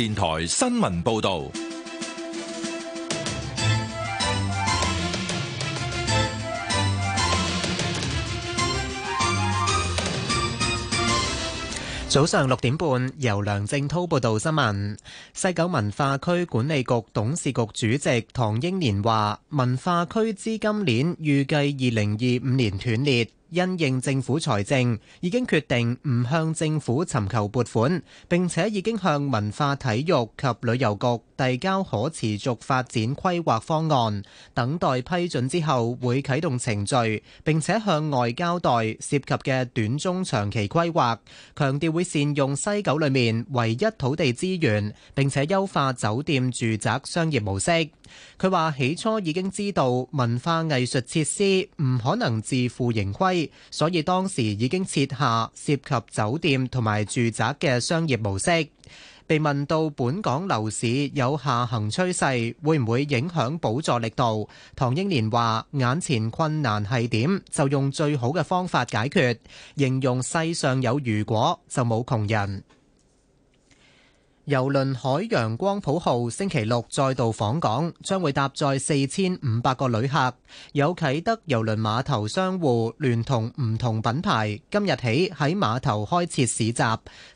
電台新聞報道。早上六點半，由梁正濤報道新聞，西九文化區管理局董事局主席唐英年話，文化區資金鏈預計二零二五年斷裂。因應政府財政，已經決定唔向政府尋求撥款，並且已經向文化體育及旅遊局遞交可持續發展規劃方案，等待批准之後會啟動程序，並且向外交代涉及嘅短中長期規劃，強調會善用西九裏面唯一土地資源，並且優化酒店、住宅、商業模式。佢話：起初已經知道文化藝術設施唔可能自負盈虧，所以當時已經設下涉及酒店同埋住宅嘅商業模式。被問到本港樓市有下行趨勢，會唔會影響補助力度？唐英年話：眼前困難係點，就用最好嘅方法解決。形容世上有如果，就冇窮人。郵輪海洋光譜號星期六再度訪港，將會搭載四千五百個旅客。有啟德郵輪碼頭商戶聯同唔同品牌，今日起喺碼頭開設市集，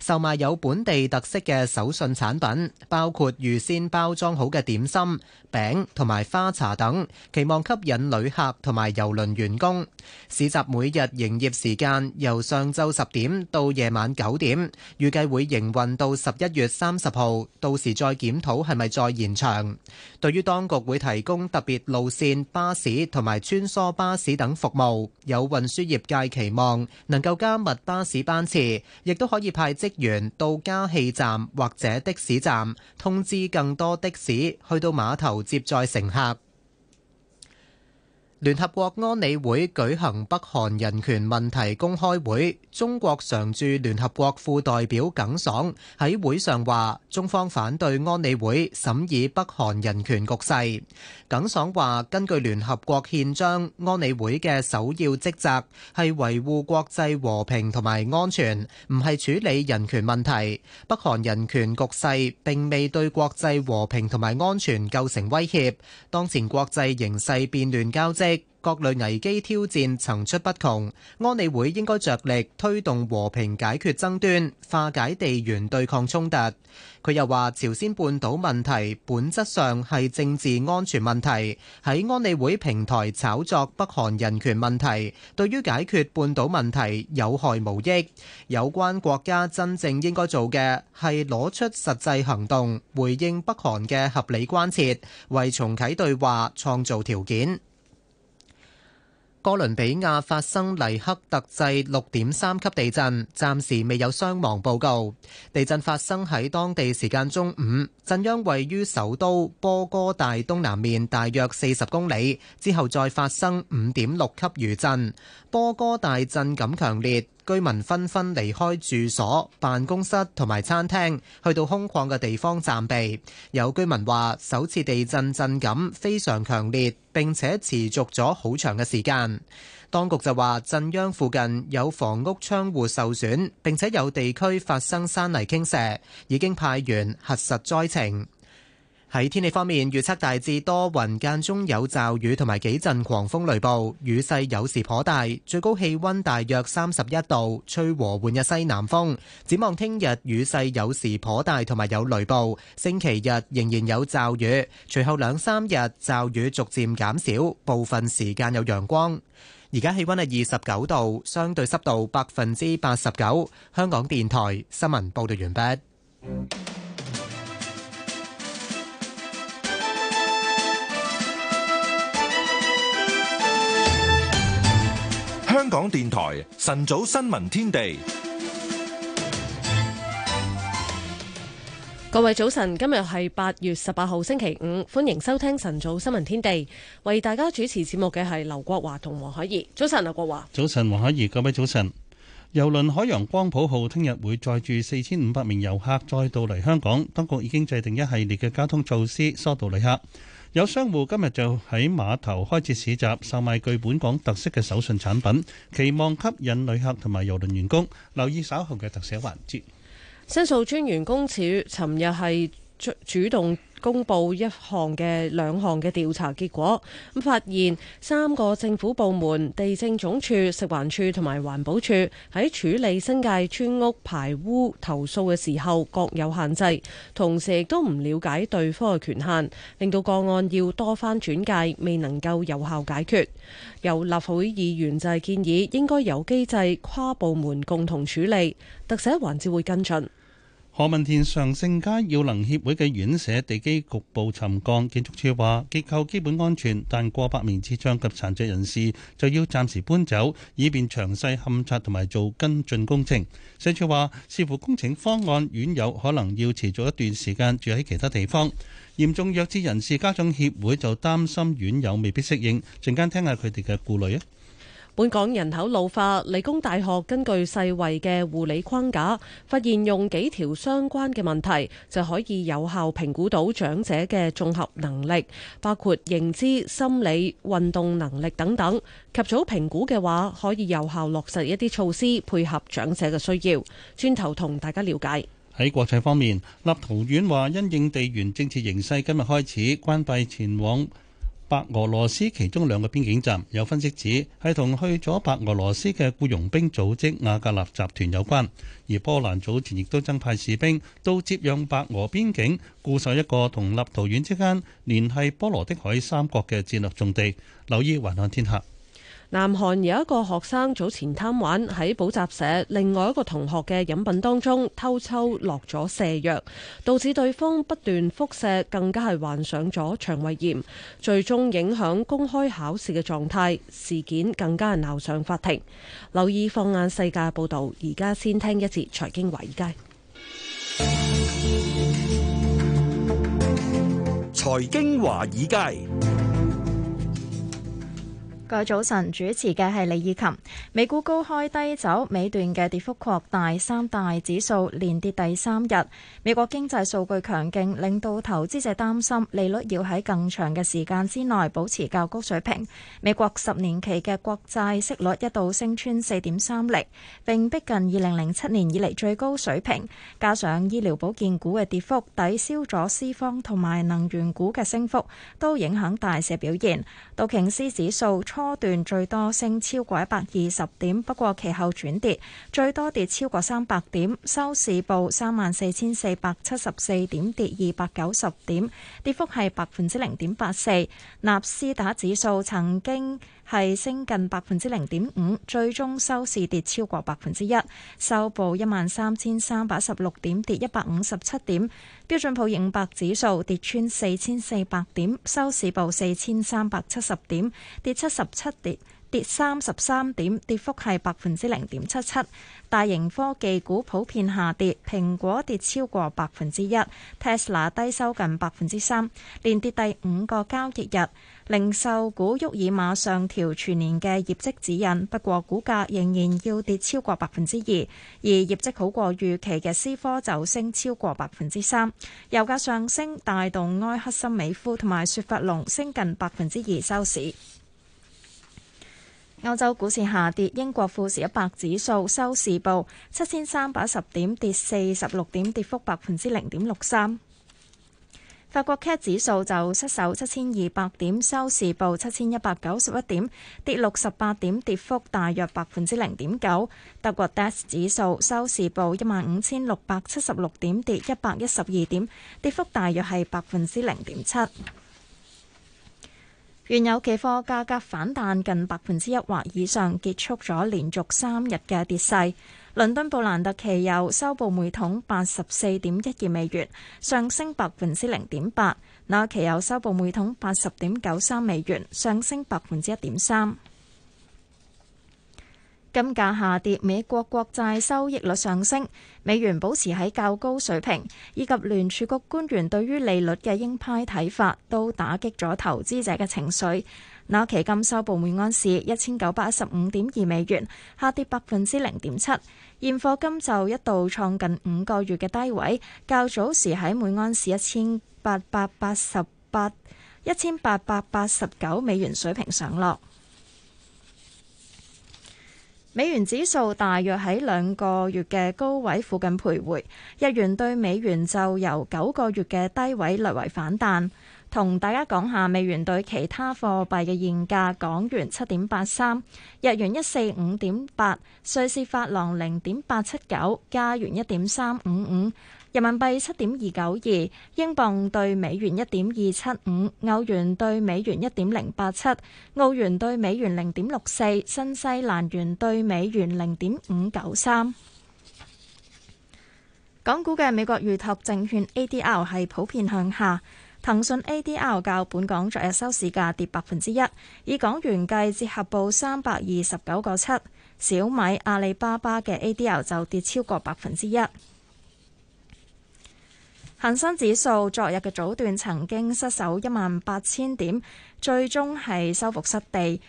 售賣有本地特色嘅手信產品，包括預先包裝好嘅點心、餅同埋花茶等，期望吸引旅客同埋郵輪員工。市集每日營業時間由上晝十點到夜晚九點，預計會營運到十一月三十號，到時再檢討係咪再延長。對於當局會提供特別路線巴士同埋穿梭巴士等服務，有運輸業界期望能夠加密巴士班次，亦都可以派職員到加氣站或者的士站通知更多的士去到碼頭接載乘客。聯合國安理會舉行北韓人權問題公開會，中國常駐聯合國副代表耿爽喺會上話：中方反對安理會審議北韓人權局勢。耿爽話：根據聯合國憲章，安理會嘅首要職責係維護國際和平同埋安全，唔係處理人權問題。北韓人權局勢並未對國際和平同埋安全構成威脅。當前國際形勢變亂交織。各類危機挑戰層出不窮，安理會應該着力推動和平解決爭端，化解地緣對抗衝突。佢又話，朝鮮半島問題本質上係政治安全問題，喺安理會平台炒作北韓人權問題，對於解決半島問題有害無益。有關國家真正應該做嘅，係攞出實際行動，回應北韓嘅合理關切，為重啟對話創造條件。哥倫比亞發生黎克特制六點三級地震，暫時未有傷亡報告。地震發生喺當地時間中午，震央位於首都波哥大東南面大約四十公里。之後再發生五點六級餘震，波哥大震感強烈。居民紛紛離開住所、辦公室同埋餐廳，去到空曠嘅地方暫避。有居民話：首次地震震感非常強烈，並且持續咗好長嘅時間。當局就話：震央附近有房屋窗戶受損，並且有地區發生山泥傾瀉，已經派員核實災情。喺天氣方面預測，大致多雲間中有驟雨同埋幾陣狂風雷暴，雨勢有時頗大，最高氣溫大約三十一度，吹和緩的西南風。展望聽日雨勢有時頗大同埋有雷暴，星期日仍然有驟雨，隨後兩三日驟雨逐漸減少，部分時間有陽光。而家氣溫係二十九度，相對濕度百分之八十九。香港電台新聞報道完畢。香港電台晨早新聞天地，各位早晨，今日係八月十八號星期五，歡迎收聽晨早新聞天地。為大家主持節目嘅係劉國華同黃海怡。早晨，劉國華。早晨，黃海怡。各位早晨。遊輪海洋光譜號聽日會載住四千五百名遊客再到嚟香港，當局已經制定一系列嘅交通措施疏導旅客。有商戶今日就喺碼頭開設市集，售賣具本港特色嘅手信產品，期望吸引旅客同埋郵輪員工留意稍後嘅特寫環節。申訴專員公署似尋日係主動公布一項嘅兩項嘅調查結果，咁發現三個政府部門地政總署、食環署同埋環保署喺處理新界村屋排污投訴嘅時候各有限制，同時亦都唔了解對方嘅權限，令到個案要多番轉介，未能夠有效解決，有立法會議員就係建議應該有機制跨部門共同處理。特寫環節會跟進。何文田常盛街耀能協會嘅院舍地基局部沉降，建築處話結構基本安全，但過百名智障及殘疾人士就要暫時搬走，以便詳細勘察同埋做跟進工程。社處話視乎工程方案，院友可能要持續一段時間住喺其他地方。嚴重弱智人士家長協會就擔心院友未必適應，陣間聽下佢哋嘅顧慮啊。本港人口老化，理工大學根據世衛嘅護理框架，發現用幾條相關嘅問題就可以有效評估到長者嘅綜合能力，包括認知、心理、運動能力等等。及早評估嘅話，可以有效落實一啲措施，配合長者嘅需要。轉頭同大家了解。喺國際方面，立陶宛話因應地緣政治形勢今日開始關閉前往白俄羅斯其中兩個邊境站。有分析指係同去咗白俄羅斯嘅僱傭兵組織瓦格納集團有關，而波蘭早前亦都增派士兵到接壤白俄邊境，固守一個同立陶宛之間聯繫波羅的海三國嘅戰略重地。留意雲漢天下。南韓有一個學生早前貪玩喺補習社，另外一個同學嘅飲品當中偷抽落咗瀉藥，導致對方不斷腹瀉，更加係患上咗腸胃炎，最終影響公開考試嘅狀態。事件更加係鬧上法庭。留意放眼世界報道，而家先聽一節財經華爾街。財經華爾街。早晨主持嘅係李以琴。美股高開低走，尾段嘅跌幅擴大，三大指數連跌第三日。美國經濟數據強勁，令到投資者擔心利率要喺更長嘅時間之內保持較高水平。美國十年期嘅國債息率一度升穿四點三零，並逼近二零零七年以嚟最高水平。加上醫療保健股嘅跌幅抵消咗私方同埋能源股嘅升幅，都影響大市表現。道瓊斯指數。波段最多升超過一百二十點，不過其後轉跌，最多跌超過三百點，收市報三萬四千四百七十四點，跌二百九十點，跌幅係百分之零點八四。納斯達指數曾經。係升近百分之零點五，最終收市跌超過百分之一，收報一萬三千三百十六點，跌一百五十七點。標準普爾五百指數跌穿四千四百點，收市報四千三百七十點，跌七十七點。跌三十三點，跌幅係百分之零點七七。大型科技股普遍下跌，蘋果跌超過百分之一，Tesla 低收近百分之三，連跌第五個交易日。零售股沃爾瑪上調全年嘅業績指引，不過股價仍然要跌超過百分之二。而業績好過預期嘅思科就升超過百分之三。油價上升帶動埃克森美孚同埋雪佛龍升近百分之二收市。歐洲股市下跌，英國富時一百指數收市報七千三百十點，跌四十六點，跌幅百分之零點六三。法國 CAC 指數就失守七千二百點，收市報七千一百九十一點，跌六十八點，跌幅大約百分之零點九。德國 DAX 指數收市報一萬五千六百七十六點，跌一百一十二點，跌幅大約係百分之零點七。原油期貨價格反彈近百分之一或以上，結束咗連續三日嘅跌勢。倫敦布蘭特期油收報每桶八十四點一二美元，上升百分之零點八。那期油收報每桶八十點九三美元，上升百分之一點三。金價下跌，美國國債收益率上升，美元保持喺較高水平，以及聯儲局官員對於利率嘅鷹派睇法，都打擊咗投資者嘅情緒。那期金收報每安士一千九百一十五點二美元，下跌百分之零點七。現貨金就一度創近五個月嘅低位，較早時喺每安士一千八百八十八、一千八百八十九美元水平上落。美元指數大約喺兩個月嘅高位附近徘徊，日元對美元就由九個月嘅低位略為反彈。同大家講下美元對其他貨幣嘅現價：港元七點八三，日元一四五點八，瑞士法郎零點八七九，加元一點三五五。人民幣七點二九二，英鎊對美元一點二七五，歐元對美元一點零八七，澳元對美元零點六四，新西蘭元對美元零點五九三。港股嘅美國預託證券 A D R 係普遍向下，騰訊 A D R 較本港昨日收市價跌百分之一，以港元計折合報三百二十九個七。小米、阿里巴巴嘅 A D R 就跌超過百分之一。恒生指數昨日嘅早段曾經失守一萬八千點，最終係收復失地，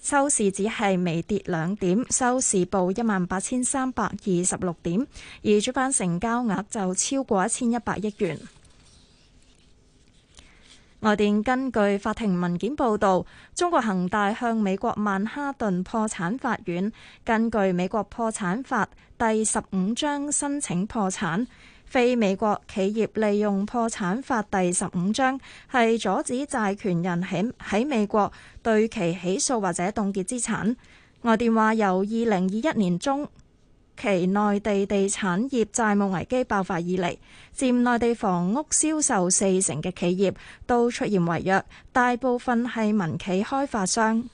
收市只係微跌兩點，收市報一萬八千三百二十六點，而主板成交額就超過一千一百億元。外電根據法庭文件報導，中國恒大向美國曼哈頓破產法院根據美國破產法第十五章申請破產。非美國企業利用破產法第十五章，係阻止債權人喺美國對其起訴或者凍結資產。外電話由二零二一年中期內地地產業債務危機爆發以嚟，佔內地房屋銷售四成嘅企業都出現違約，大部分係民企開發商。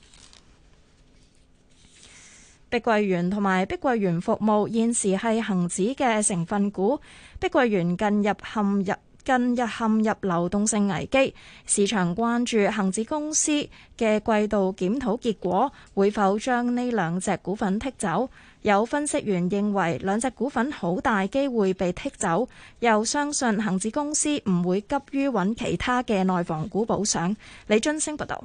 碧桂園同埋碧桂園服務現時係恒指嘅成分股。碧桂園近日陷入近日陷入流動性危機，市場關注恒指公司嘅季度檢討結果會否將呢兩隻股份剔走。有分析員認為，兩隻股份好大機會被剔走，又相信恒指公司唔會急於揾其他嘅內房股補上。李津升報道。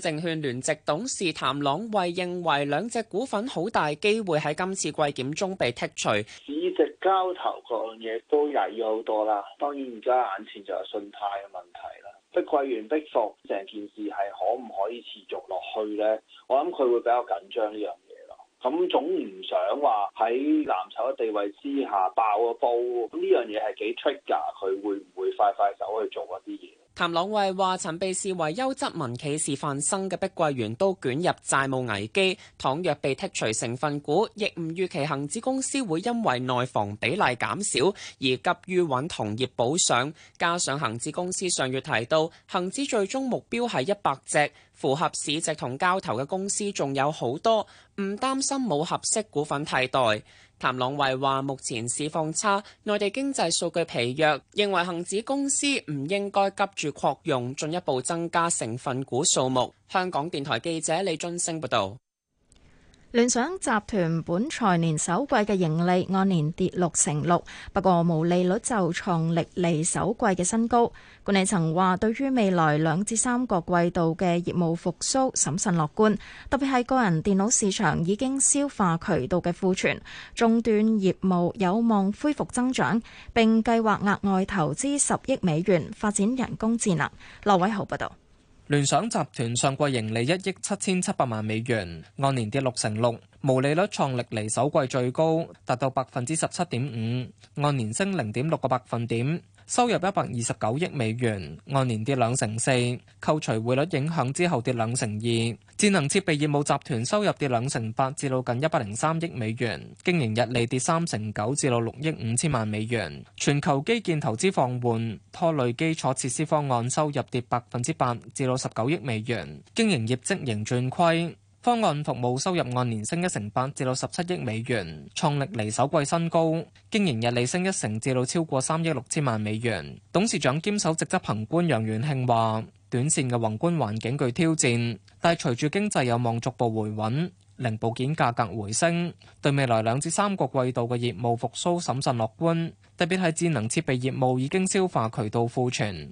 證券聯席董事譚朗慧認為兩隻股份好大機會喺今次季檢中被剔除，市值交投各樣嘅嘢都曳咗好多啦。當然而家眼前就係信貸嘅問題啦，碧桂園碧服，成件事係可唔可以持續落去咧？我諗佢會比較緊張呢樣嘢咯。咁總唔想話喺藍籌嘅地位之下爆個煲，咁呢樣嘢係幾出噶？佢會唔會快快手去做一啲嘢？譚朗慧話：曾被視為優質民企示範生嘅碧桂園都捲入債務危機，倘若被剔除成分股，亦唔預期恆指公司會因為內房比例減少而急於搵同業補償。加上恆指公司上月提到，恆指最終目標係一百隻，符合市值同交投嘅公司仲有好多。唔擔心冇合適股份替代。譚朗維話：目前市況差，內地經濟數據疲弱，認為恒指公司唔應該急住擴容，進一步增加成分股數目。香港電台記者李津升報道。聯想集團本財年首季嘅盈利按年跌六成六，不過毛利率就創歷年首季嘅新高。管理層話，對於未來兩至三個季度嘅業務復甦，審慎樂觀，特別係個人電腦市場已經消化渠道嘅庫存，中端業務有望恢復增長，並計劃額外投資十億美元發展人工智能。羅偉豪報道。聯想集團上季盈利一億七千七百萬美元，按年跌六成六，毛利率創歷嚟首季最高，達到百分之十七點五，按年升零點六個百分點。收入一百二十九億美元，按年跌兩成四，扣除匯率影響之後跌兩成二。智能設備業務集團收入跌兩成八，至到近一百零三億美元，經營溢利跌三成九，至到六億五千萬美元。全球基建投資放緩，拖累基礎設施方案收入跌百分之八，至到十九億美元，經營業績仍轉虧。方案服務收入按年升一成八，至到十七億美元，創歷嚟首季新高；經營溢利升一成，至到超過三億六千萬美元。董事長兼首席執行官楊元慶話：短線嘅宏觀環境具挑戰，但係隨住經濟有望逐步回穩，零部件價格回升，對未來兩至三個季度嘅業務復甦審慎樂觀。特別係智能設備業務已經消化渠道庫存。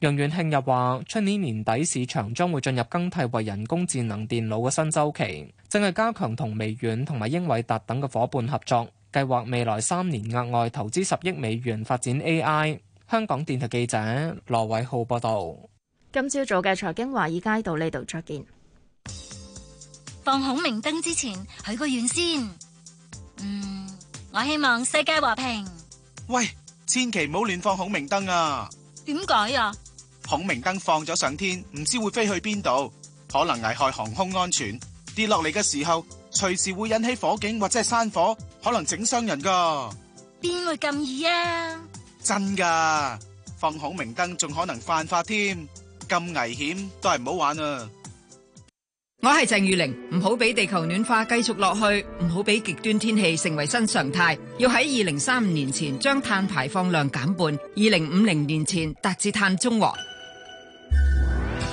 楊元慶又話，出年年底市場將會進入更替為人工智能電腦嘅新周期，正係加強同微軟同埋英偉達等嘅伙伴合作，計劃未來三年額外投資十億美元發展 AI。香港電台記者羅偉浩報道。今朝早嘅財經華爾街到呢度再見。放孔明燈之前許個願先，嗯，我希望世界和平。喂，千祈唔好亂放孔明燈啊！點解啊？孔明燈放咗上天，唔知會飛去邊度，可能危害航空安全。跌落嚟嘅時候，隨時會引起火警或者係山火，可能整傷人噶。邊會咁易啊？真噶，放孔明燈仲可能犯法添，咁危險都係唔好玩啊！我係鄭裕玲，唔好俾地球暖化繼續落去，唔好俾極端天氣成為新常態。要喺二零三五年前將碳排放量減半，二零五零年前達至碳中和。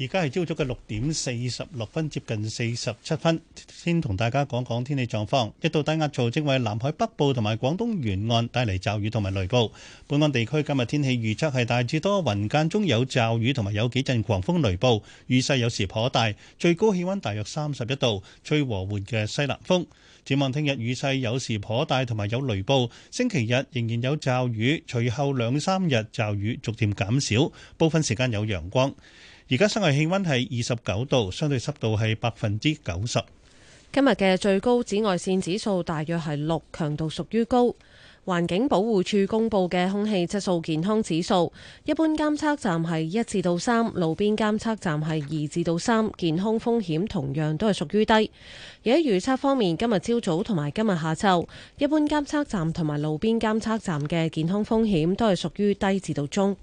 而家係朝早嘅六點四十六分，接近四十七分，先同大家講講天氣狀況。一道低壓槽正為南海北部同埋廣東沿岸帶嚟驟雨同埋雷暴。本港地區今日天，天氣預測係大致多雲間中有驟雨同埋有幾陣狂風雷暴，雨勢有時頗大，最高氣溫大約三十一度，吹和緩嘅西南風。展望聽日雨勢有時頗大，同埋有雷暴。星期日仍然有驟雨，隨後兩三日驟雨逐漸減少，部分時間有陽光。而家室外氣溫係二十九度，相對濕度係百分之九十。今日嘅最高紫外線指數大約係六，強度屬於高。環境保護署公布嘅空氣質素健康指數，一般監測站係一至到三，3, 路邊監測站係二至到三，3, 健康風險同樣都係屬於低。而喺預測方面，今日朝早同埋今日下晝，一般監測站同埋路邊監測站嘅健康風險都係屬於低至到中。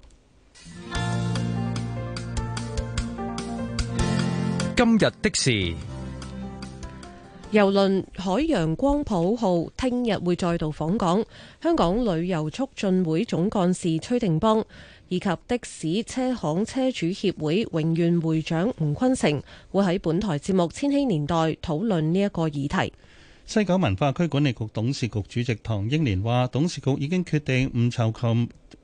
今日的士郵輪海洋光譜號聽日會再度訪港，香港旅遊促進會總幹事崔定邦，以及的士車行車主協會永遠會長吳坤成會喺本台節目《千禧年代》討論呢一個議題。西九文化區管理局董事局主席唐英年話，董事局已經決定唔籌禁，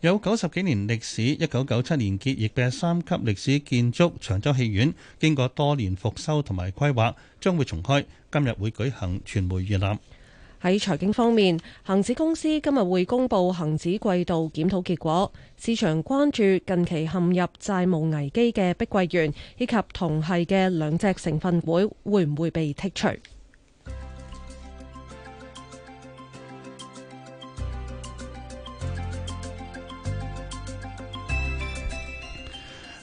有九十幾年歷史，一九九七年結業嘅三級歷史建築長洲戲院經過多年復修同埋規劃，將會重開。今日會舉行傳媒預覽。喺財經方面，恒指公司今日會公布恒指季度檢討結果，市場關注近期陷入債務危機嘅碧桂園以及同係嘅兩隻成分股會會唔會被剔除。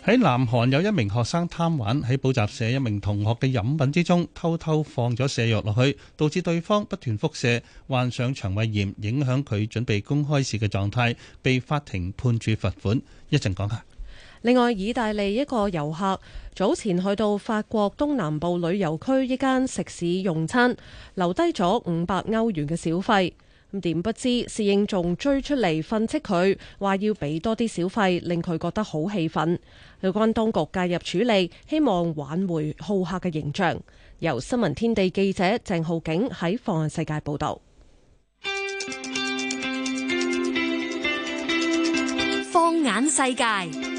喺南韓有一名學生貪玩，喺補習社一名同學嘅飲品之中偷偷放咗瀉藥落去，導致對方不斷腹瀉，患上腸胃炎，影響佢準備公開試嘅狀態，被法庭判處罰款。講一陣講下。另外，意大利一個遊客早前去到法國東南部旅遊區，一間食肆用餐，留低咗五百歐元嘅小費。點不知侍應仲追出嚟訓斥佢，話要俾多啲小費，令佢覺得好氣憤。有關當局介入處理，希望挽回好客嘅形象。由新聞天地記者鄭浩景喺放眼世界報道。放眼世界。報導。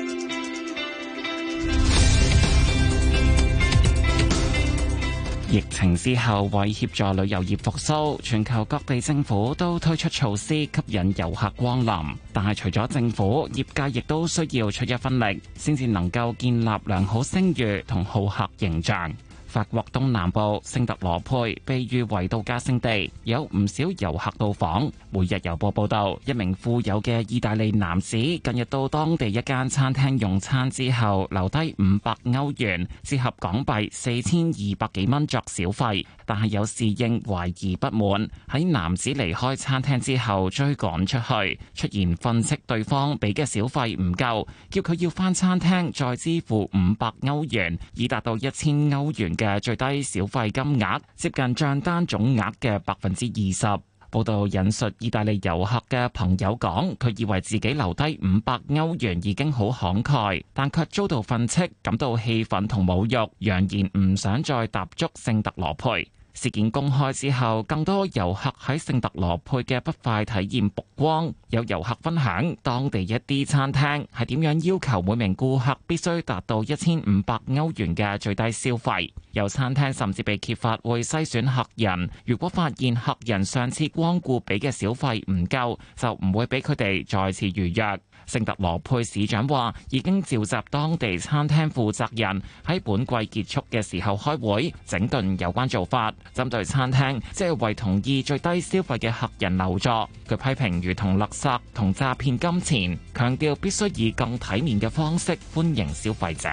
疫情之後，為協助旅遊業復甦，全球各地政府都推出措施吸引遊客光臨。但係除咗政府，業界亦都需要出一分力，先至能夠建立良好聲譽同好客形象。法國東南部聖特羅佩被譽為度假勝地，有唔少遊客到訪。每日郵報報道，一名富有嘅意大利男子近日到當地一間餐廳用餐之後，留低五百歐元，折合港幣四千二百幾蚊作小費，但係有侍應懷疑不滿，喺男子離開餐廳之後追趕出去，出言訓斥對方俾嘅小費唔夠，叫佢要返餐廳再支付五百歐元，以達到一千歐元嘅。嘅最低小費金額，接近賬單總額嘅百分之二十。報道引述意大利遊客嘅朋友講，佢以為自己留低五百歐元已經好慷慨，但卻遭到訓斥，感到氣憤同侮辱，揚言唔想再踏足聖特羅佩。事件公開之後，更多遊客喺聖特羅佩嘅不快體驗曝光。有遊客分享當地一啲餐廳係點樣要求每名顧客必須達到一千五百歐元嘅最低消費。有餐廳甚至被揭發會篩選客人，如果發現客人上次光顧畀嘅小費唔夠，就唔會畀佢哋再次預約。聖特羅佩市長話，已經召集當地餐廳負責人喺本季結束嘅時候開會，整頓有關做法。針對餐廳，即係為同意最低消費嘅客人留座。佢批評如同勒索同詐騙金錢，強調必須以更體面嘅方式歡迎消費者。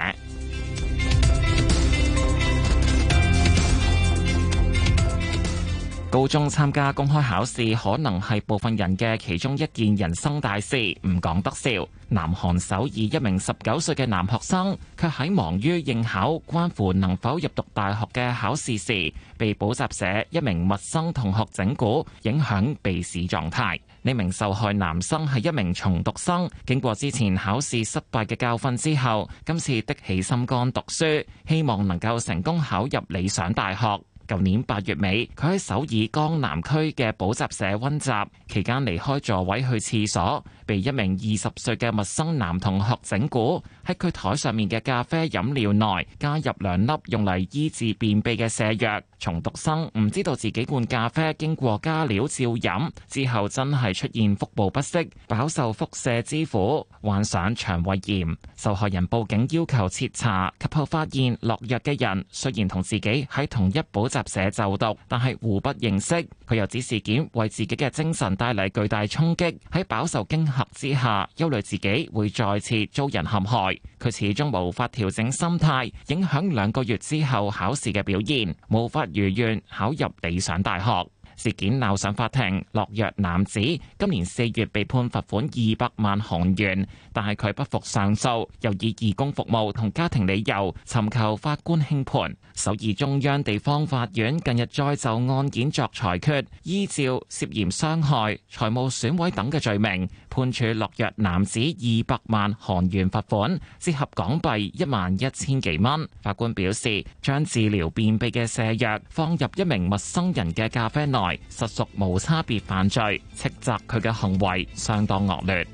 高中參加公開考試可能係部分人嘅其中一件人生大事，唔講得笑。南韓首爾一名十九歲嘅男學生，卻喺忙於應考關乎能否入讀大學嘅考試時，被補習社一名陌生同學整蠱，影響備試狀態。呢名受害男生係一名重讀生，經過之前考試失敗嘅教訓之後，今次的起心肝讀書，希望能夠成功考入理想大學。舊年八月尾，佢喺首爾江南區嘅補習社溫習期間，離開座位去廁所。被一名二十歲嘅陌生男同學整蠱，喺佢台上面嘅咖啡飲料內加入兩粒用嚟醫治便秘嘅瀉藥。重讀生唔知道自己罐咖啡經過加料照飲之後，真係出現腹部不適，飽受腹瀉之苦，患上腸胃炎。受害人報警要求徹查，及後發現落藥嘅人雖然同自己喺同一補習社就讀，但係互不認識。佢又指事件為自己嘅精神帶嚟巨大衝擊，喺飽受驚。之下憂慮自己會再次遭人陷害，佢始終無法調整心態，影響兩個月之後考試嘅表現，無法如願考入理想大學。事件鬧上法庭，落藥男子今年四月被判罰款二百萬韓元，但係佢不服上訴，又以義工服務同家庭理由尋求法官輕判。首爾中央地方法院近日再就案件作裁決，依照涉嫌傷害、財務損毀等嘅罪名，判處落藥男子二百萬韓元罰款，折合港幣一萬一千幾蚊。法官表示，將治療便秘嘅瀉藥放入一名陌生人嘅咖啡內。實屬無差別犯罪，斥責佢嘅行為相當惡劣。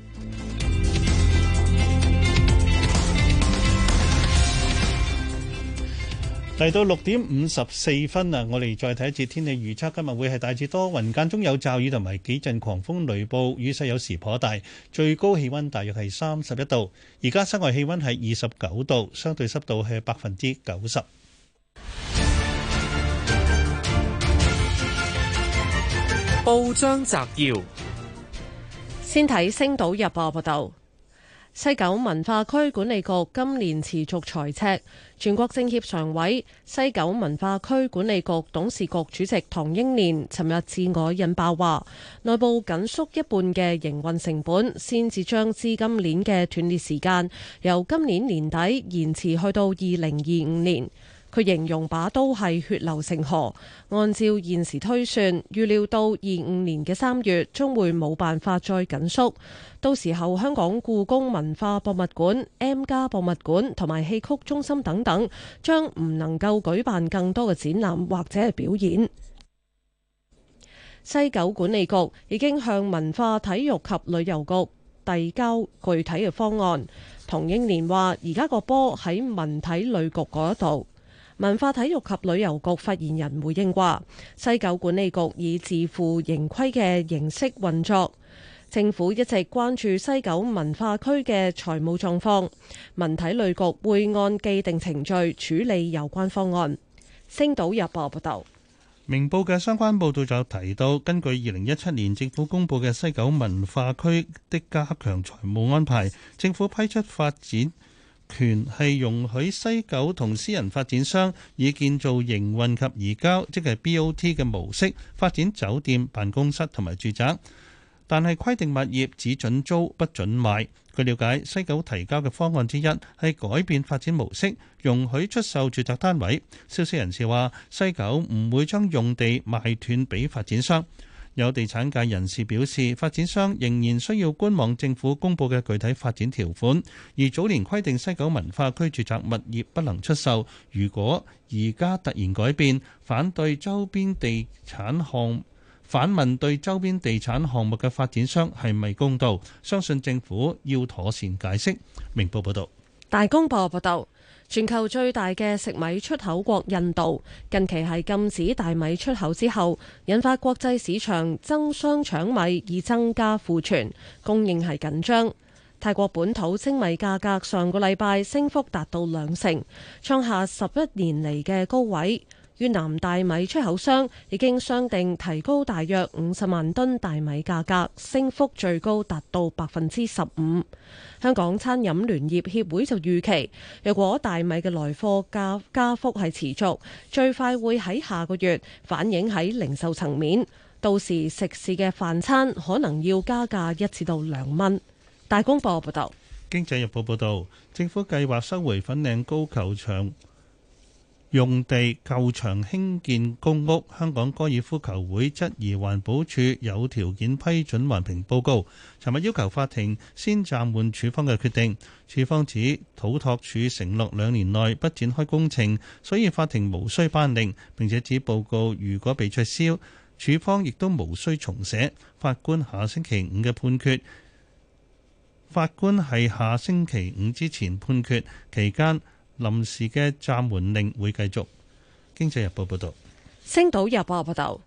嚟到六點五十四分啊，我哋再睇一次天氣預測。今日會係大致多雲間中有驟雨，同埋幾陣狂風雷暴，雨勢有時頗大，最高氣温大約係三十一度。而家室外氣温係二十九度，相對濕度係百分之九十。報章摘要：先睇星島日報報道，西九文化區管理局今年持續財赤。全國政協常委、西九文化區管理局董事局主席唐英年尋日自我引爆話，內部緊縮一半嘅營運成本，先至將資金鏈嘅斷裂時間由今年年底延遲去到二零二五年。佢形容把刀係血流成河。按照現時推算，預料到二五年嘅三月將會冇辦法再緊縮。到時候，香港故宮文化博物館、M+ 博物館同埋戲曲中心等等，將唔能夠舉辦更多嘅展覽或者係表演。西九管理局已經向文化體育及旅遊局遞交具體嘅方案。唐英年話：而家個波喺文體旅局嗰度。文化體育及旅遊局發言人回應話：西九管理局以自負盈虧嘅形式運作，政府一直關注西九文化區嘅財務狀況，文體旅局會按既定程序處理有關方案。星島日報報道。明報嘅相關報導就提到，根據二零一七年政府公布嘅西九文化區的加強財務安排，政府批出發展。權係容許西九同私人發展商以建造營運及移交，即係 BOT 嘅模式發展酒店、辦公室同埋住宅，但係規定物業只准租不准賣。據了解，西九提交嘅方案之一係改變發展模式，容許出售住宅單位。消息人士話，西九唔會將用地賣斷俾發展商。有地產界人士表示，發展商仍然需要觀望政府公布嘅具體發展條款。而早年規定西九文化區住宅物業不能出售，如果而家突然改變，反對周邊地產項，反問對周邊地產項目嘅發展商係咪公道？相信政府要妥善解釋。明報報道，大公報報道。全球最大嘅食米出口國印度近期係禁止大米出口之後，引發國際市場爭相搶米以增加庫存，供應係緊張。泰國本土精米價格上個禮拜升幅達到兩成，創下十一年嚟嘅高位。越南大米出口商已經商定提高大約五十萬噸大米價格，升幅最高達到百分之十五。香港餐飲聯業協會就預期，若果大米嘅來貨價加，加幅係持續，最快會喺下個月反映喺零售層面，到時食肆嘅飯餐可能要加價一至到兩蚊。大公報報道，《經濟日報》報道，政府計劃收回粉嶺高球場。用地舊場興建公屋，香港高爾夫球會質疑環保署有條件批准環評報告，尋日要求法庭先暫緩處方嘅決定，處方指土拓署承諾兩年內不展開工程，所以法庭無需頒令。並且指報告如果被取消，處方亦都無需重寫。法官下星期五嘅判決，法官係下星期五之前判決期間，臨時嘅暫緩令會繼續。經濟日報報道。星島日報報道，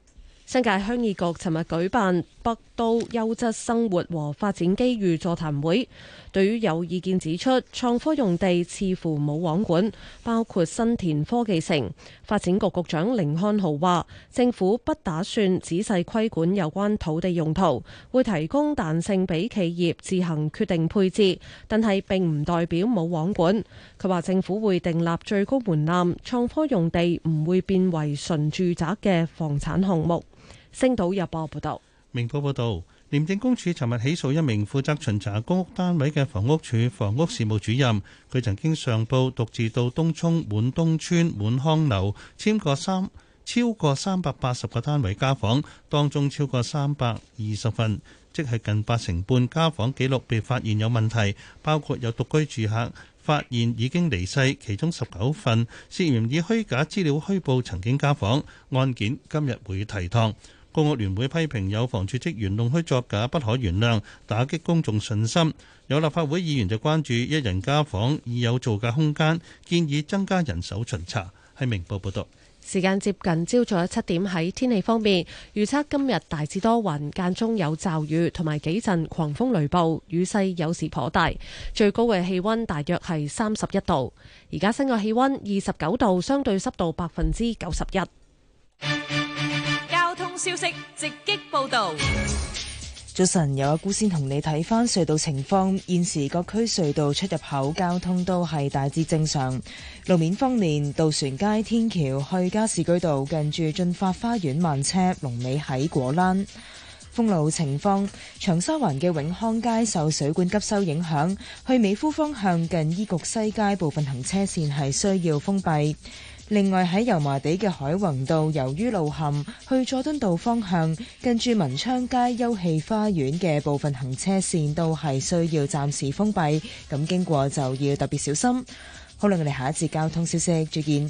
新界鄉議局尋日舉辦北到優質生活和發展機遇座談會，對於有意見指出，創科用地似乎冇網管，包括新田科技城。發展局局長凌漢豪話，政府不打算仔細規管有關土地用途，會提供彈性俾企業自行決定配置，但係並唔代表冇網管。佢話政府會訂立最高門檻，創科用地唔會變為純住宅嘅房產項目。星島日報報道。明報報道，廉政公署尋日起訴一名負責巡查公屋單位嘅房屋署房屋事務主任。佢曾經上報獨自到東涌滿東邨滿康樓簽過三超過三百八十個單位家訪，當中超過三百二十份，即係近八成半家訪記錄被發現有問題，包括有獨居住客發現已經離世，其中十九份涉嫌以虛假資料虛報曾經家訪。案件今日會提堂。公屋聯會批評有房署職員弄虛作假，不可原諒，打擊公眾信心。有立法會議員就關注一人家訪已有造假空間，建議增加人手巡查。係明報報道。時間接近朝早七點，喺天氣方面預測今日大致多雲，間中有驟雨同埋幾陣狂風雷暴，雨勢有時頗大，最高嘅氣温大約係三十一度。而家室外氣温二十九度，相對濕度百分之九十一。消息直擊報道。早晨，有阿姑先同你睇返隧道情況。現時各區隧道出入口交通都係大致正常。路面方面，渡船街天橋去加士居道近住駿發花園慢車，龍尾喺果欄。封路情況：長沙灣嘅永康街受水管急修影響，去美孚方向近醫局西街部分行車線係需要封閉。另外喺油麻地嘅海泓道，由於路陷，去佐敦道方向，近住文昌街休憩花園嘅部分行車線都係需要暫時封閉，咁經過就要特別小心。好啦，我哋下一節交通消息再見。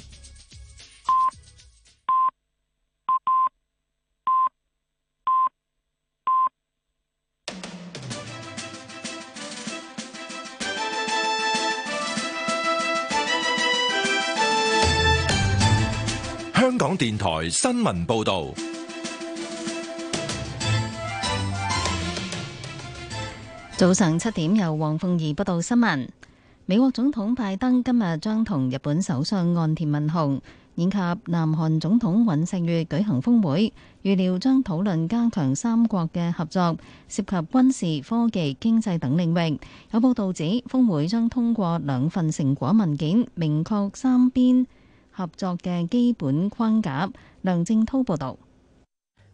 香港電台新聞報道，早上七點由黃鳳儀報道新聞。美國總統拜登今日將同日本首相岸田文雄以及南韓總統尹錫悅舉行峰會，預料將討論加強三國嘅合作，涉及軍事、科技、經濟等領域。有報道指，峰會將通過兩份成果文件，明確三邊。合作嘅基本框架。梁正濤報道。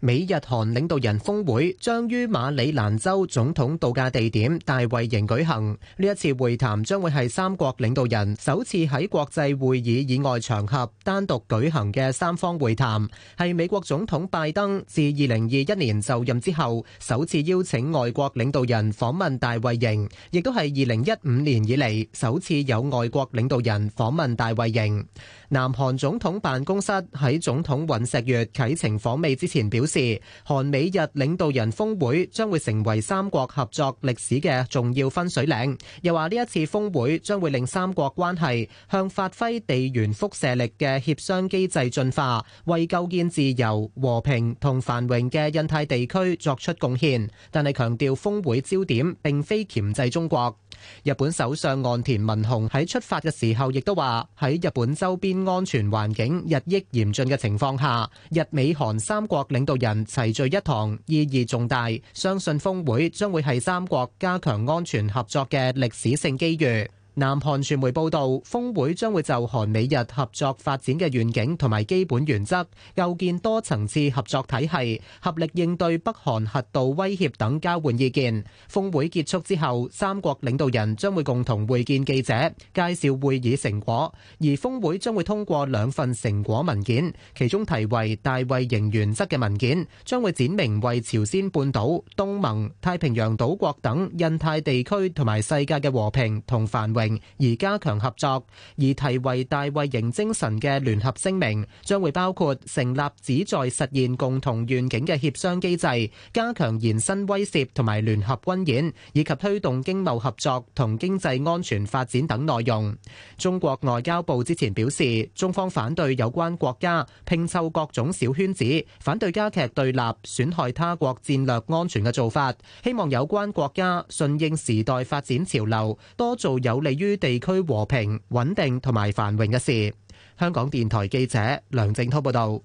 美日韓領導人峯會將於馬里蘭州總統度假地點大衛營舉行。呢一次會談將會係三國領導人首次喺國際會議以外場合單獨舉行嘅三方會談，係美國總統拜登自2021年就任之後首次邀請外國領導人訪問大衛營，亦都係2015年以嚟首次有外國領導人訪問大衛營。南韓總統辦公室喺總統尹錫悦啟程訪美之前表示。時韓美日領導人峰會將會成為三國合作歷史嘅重要分水嶺，又話呢一次峰會將會令三國關係向發揮地緣輻射力嘅協商機制進化，為構建自由、和平同繁榮嘅印太地區作出貢獻。但係強調峰會焦點並非鉗制中國。日本首相岸田文雄喺出發嘅時候亦都話喺日本周邊安全環境日益嚴峻嘅情況下，日美韓三國領導人齊聚一堂，意義重大，相信峰會將會係三國加強安全合作嘅歷史性機遇。南韓傳媒報道，峯會將會就韓美日合作發展嘅願景同埋基本原則，構建多層次合作體系，合力應對北韓核導威脅等交換意見。峯會結束之後，三國領導人將會共同會見記者，介紹會議成果。而峯會將會通過兩份成果文件，其中題為大衛營原則嘅文件，將會展明為朝鮮半島、東盟、太平洋島國等印太地區同埋世界嘅和平同繁榮。而加強合作，而題為大衛營精神嘅聯合聲明，將會包括成立旨在實現共同願景嘅協商機制，加強延伸威懾同埋聯合軍演，以及推動經貿合作同經濟安全發展等內容。中國外交部之前表示，中方反對有關國家拼湊各種小圈子，反對加劇對立、損害他國戰略安全嘅做法，希望有關國家順應時代發展潮流，多做有利。基於地區和平穩定同埋繁榮一事。香港電台記者梁正濤報道。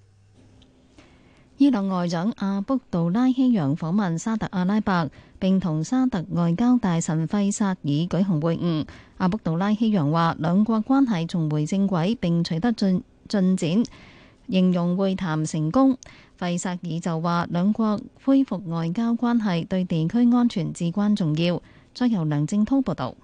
伊朗外長阿卜杜拉希揚訪問沙特阿拉伯，並同沙特外交大臣費薩爾舉行會晤。阿卜杜拉希揚話，兩國關係重回正軌並取得進進展，形容會談成功。費薩爾就話，兩國恢復外交關係對地區安全至關重要。再由梁正濤報道。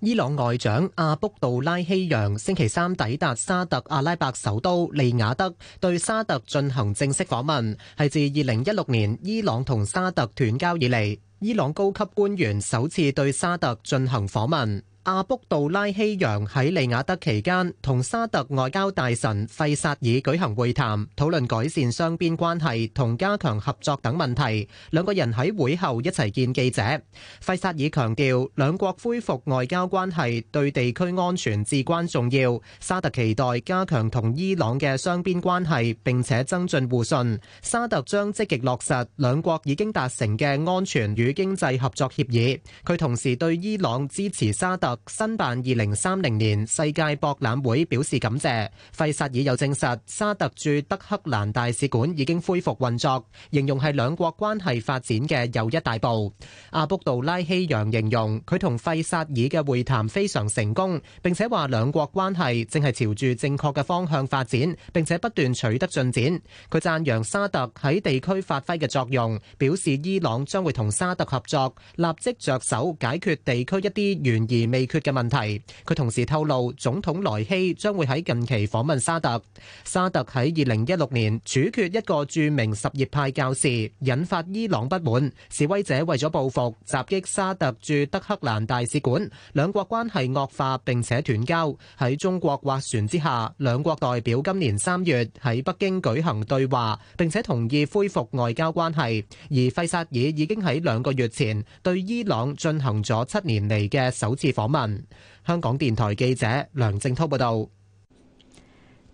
伊朗外長阿卜杜拉希揚星期三抵達沙特阿拉伯首都利雅德，對沙特進行正式訪問，係自二零一六年伊朗同沙特斷交以嚟，伊朗高級官員首次對沙特進行訪問。阿卜杜拉希揚喺利雅得期間同沙特外交大臣費薩爾舉行會談，討論改善雙邊關係同加強合作等問題，兩個人喺會後一齊見記者。費薩爾強調兩國恢復外交關係對地區安全至關重要。沙特期待加強同伊朗嘅雙邊關係，並且增進互信。沙特將積極落實兩國已經達成嘅安全與經濟合作協議，佢同時對伊朗支持沙特新辦二零三零年世界博覽會表示感謝。費薩爾又證實沙特駐德克蘭大使館已經恢復運作，形容係兩國關係發展嘅又一大步。阿卜杜拉希揚形容佢同費薩爾嘅會談非常成功，並且話兩國關係正係朝住正確嘅方向發展，並且不斷取得進展。佢讚揚沙特喺地區發揮嘅作用，表示伊朗將會同沙特合作，立即着手解決地區一啲懸而未決嘅問題，佢同時透露，總統萊希將會喺近期訪問沙特。沙特喺二零一六年處決一個著名什葉派教士，引發伊朗不滿，示威者為咗報復襲擊沙特駐德黑蘭大使館，兩國關係惡化並且斷交。喺中國斡旋之下，兩國代表今年三月喺北京舉行對話，並且同意恢復外交關係。而費薩爾已經喺兩個月前對伊朗進行咗七年嚟嘅首次訪。網民，香港電台記者梁正濤報道：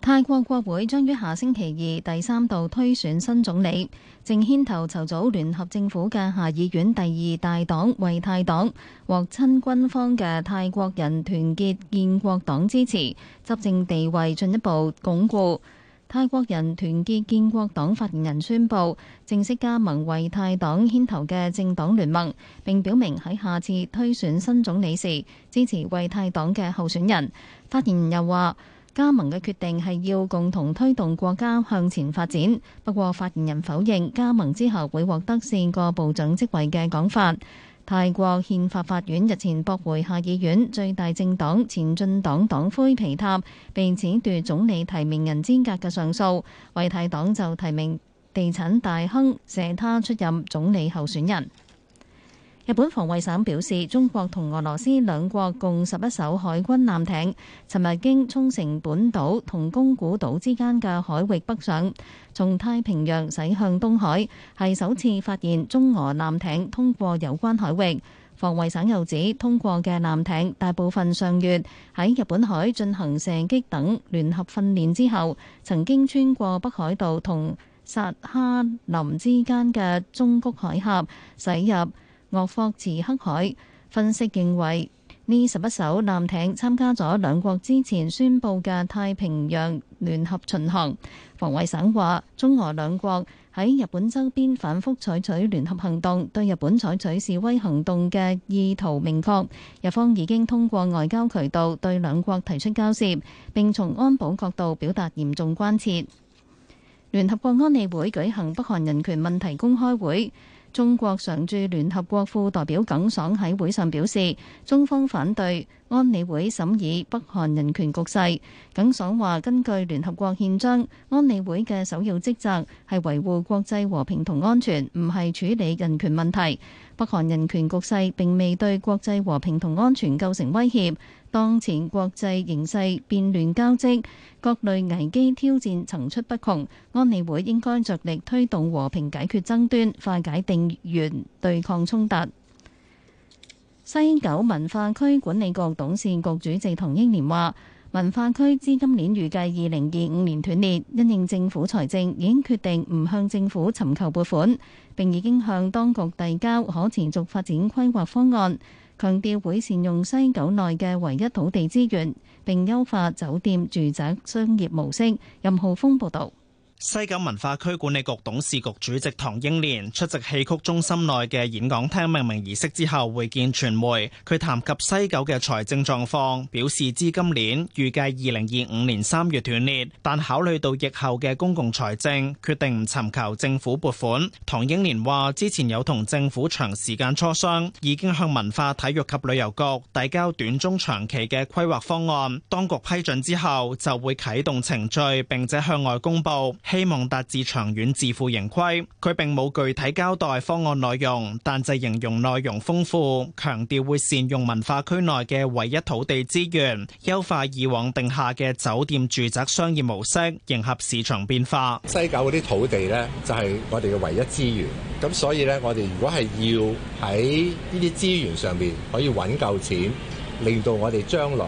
泰國國會將於下星期二第三度推選新總理，正牽頭籌組聯合政府嘅下議院第二大黨為泰黨，獲親軍方嘅泰國人團結建國黨支持，執政地位進一步鞏固。泰國人團結建國黨發言人宣布正式加盟為泰黨牽頭嘅政黨聯盟，並表明喺下次推選新總理時支持為泰黨嘅候選人。發言人又話：加盟嘅決定係要共同推動國家向前發展。不過發言人否認加盟之後會獲得四個部長職位嘅講法。泰國憲法法院日前駁回下議院最大政黨前進黨黨魁皮塔被褫奪總理提名人資格嘅上訴，為泰黨就提名地產大亨謝他出任總理候選人。日本防衛省表示，中國同俄羅斯兩國共十一艘海軍艦艇，尋日經沖繩本島同宮古島之間嘅海域北上，從太平洋駛向東海，係首次發現中俄艦艇通過有關海域。防衛省又指，通過嘅艦艇大部分上月喺日本海進行射擊等聯合訓練之後，曾經穿過北海道同薩哈林之間嘅中谷海峽駛入鄂霍次克海。分析認為呢十一艘艦艇參加咗兩國之前宣佈嘅太平洋聯合巡航。防衛省話中俄兩國喺日本周邊反復採取聯合行動，對日本採取示威行動嘅意圖明確，日方已經通過外交渠道對兩國提出交涉，並從安保角度表達嚴重關切。聯合國安理會舉行北韓人權問題公開會。中國常駐聯合國副代表耿爽喺會上表示，中方反對安理會審議北韓人權局勢。耿爽話：根據聯合國憲章，安理會嘅首要職責係維護國際和平同安全，唔係處理人權問題。北韓人權局勢並未對國際和平同安全構成威脅。當前國際形勢變亂交織，各類危機挑戰層出不窮，安理會應該着力推動和平解決爭端，化解定員對抗衝突。西九文化區管理局董事局主席唐英年話。文化區資金鏈預計二零二五年斷裂，因應政府財政已經決定唔向政府尋求撥款，並已經向當局遞交可持續發展規劃方案，強調會善用西九內嘅唯一土地資源，並優化酒店、住宅、商業模式。任浩峰報導。西九文化區管理局董事局主席唐英年出席戲曲中心內嘅演講廳命名儀式之後會見傳媒，佢談及西九嘅財政狀況，表示資金鏈預計二零二五年三月斷裂，但考慮到疫後嘅公共財政，決定唔尋求政府撥款。唐英年話：之前有同政府長時間磋商，已經向文化體育及旅遊局遞交短中長期嘅規劃方案，當局批准之後就會啟動程序並且向外公佈。希望達至長遠自負盈虧。佢並冇具體交代方案內容，但就形容內容豐富，強調會善用文化區內嘅唯一土地資源，優化以往定下嘅酒店、住宅、商業模式，迎合市場變化。西九嗰啲土地呢，就係我哋嘅唯一資源。咁所以呢，我哋如果係要喺呢啲資源上面可以揾夠錢，令到我哋將來，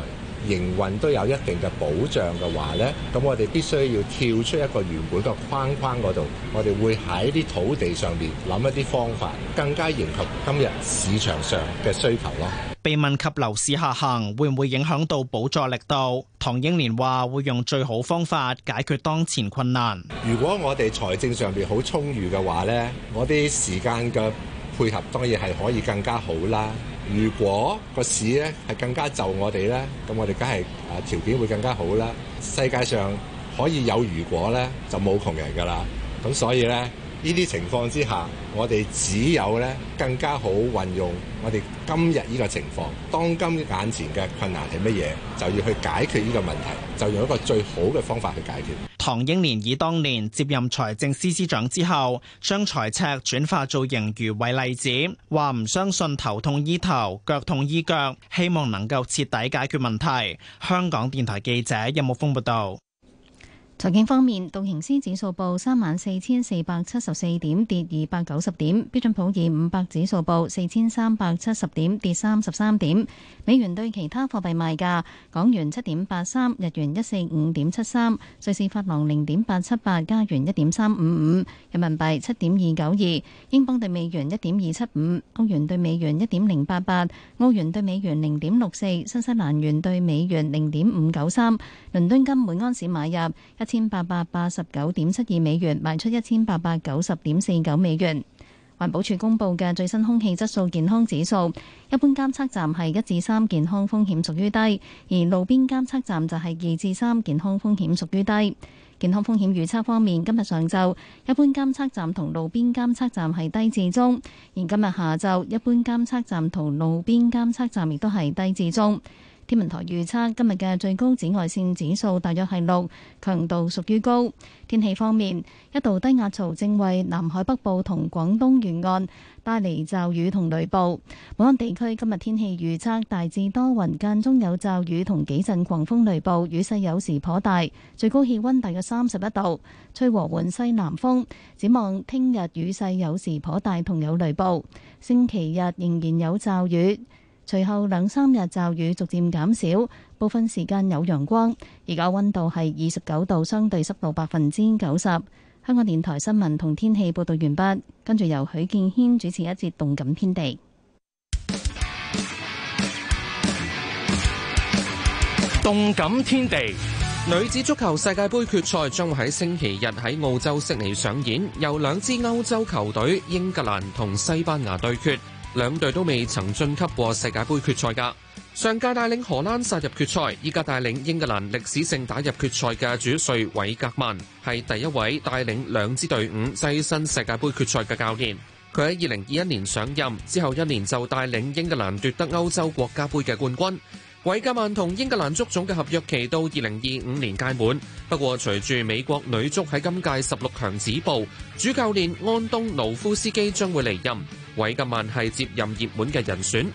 營運都有一定嘅保障嘅話呢，咁我哋必須要跳出一個原本嘅框框嗰度，我哋會喺啲土地上面諗一啲方法，更加迎合今日市場上嘅需求咯。被問及樓市下行會唔會影響到補助力度，唐英年話會用最好方法解決當前困難。如果我哋財政上面好充裕嘅話呢，我啲時間嘅配合當然係可以更加好啦。如果個市咧，係更加就我哋呢，咁我哋梗係啊，條件會更加好啦。世界上可以有如果呢，就冇窮人㗎喇。咁所以呢，呢啲情況之下，我哋只有呢更加好運用我哋今日呢個情況，當今眼前嘅困難係乜嘢？就要去解決呢個問題，就用一個最好嘅方法去解決。唐英年以當年接任財政司司長之後，將財赤轉化做盈餘為例子，話唔相信頭痛醫頭，腳痛醫腳，希望能夠徹底解決問題。香港電台記者任木峰報道。財經方面，道瓊斯指數報三萬四千四百七十四點，跌二百九十點；標準普爾五百指數報四千三百七十點，跌三十三點。美元對其他貨幣賣價：港元七點八三，日元一四五點七三，瑞士法郎零點八七八，加元一點三五五，人民幣七點二九二，英鎊對美元一點二七五，歐元對美元一點零八八，澳元對美元零點六四，新西蘭元對美元零點五九三。倫敦金每安士買入，一千八百八十九點七二美元，賣出一千八百九十點四九美元。環保署公布嘅最新空氣質素健康指數，一般監測站係一至三，健康風險屬於低；而路邊監測站就係二至三，健康風險屬於低。健康風險預測方面，今日上晝一般監測站同路邊監測站係低至中；而今日下晝一般監測站同路邊監測站亦都係低至中。天文台預測今日嘅最高紫外線指數大約係六，強度屬於高。天氣方面，一度低壓槽正為南海北部同廣東沿岸帶嚟驟雨同雷暴。本港地區今日天氣預測大致多雲，間中有驟雨同幾陣狂風雷暴，雨勢有時頗大。最高氣溫大約三十一度，吹和緩西南風。展望聽日雨勢有時頗大，同有雷暴。星期日仍然有驟雨。隨後兩三日驟雨逐漸減少，部分時間有陽光。而家溫度係二十九度，相對濕度百分之九十。香港電台新聞同天氣報道完畢。跟住由許建軒主持一節動感天地。動感天地，女子足球世界杯決賽將喺星期日喺澳洲悉尼上演，由兩支歐洲球隊英格蘭同西班牙對決。兩隊都未曾晉級過世界杯決賽噶上屆帶領荷蘭殺入決賽，依家帶領英格蘭歷史性打入決賽嘅主帥韋格曼，係第一位帶領兩支隊伍躋身世界杯決賽嘅教練。佢喺二零二一年上任之後，一年就帶領英格蘭奪得歐洲國家杯嘅冠軍。韋格曼同英格蘭足總嘅合約期到二零二五年屆滿，不過隨住美國女足喺今屆十六強止步，主教練安東努夫斯基將會離任，韋格曼係接任熱門嘅人選。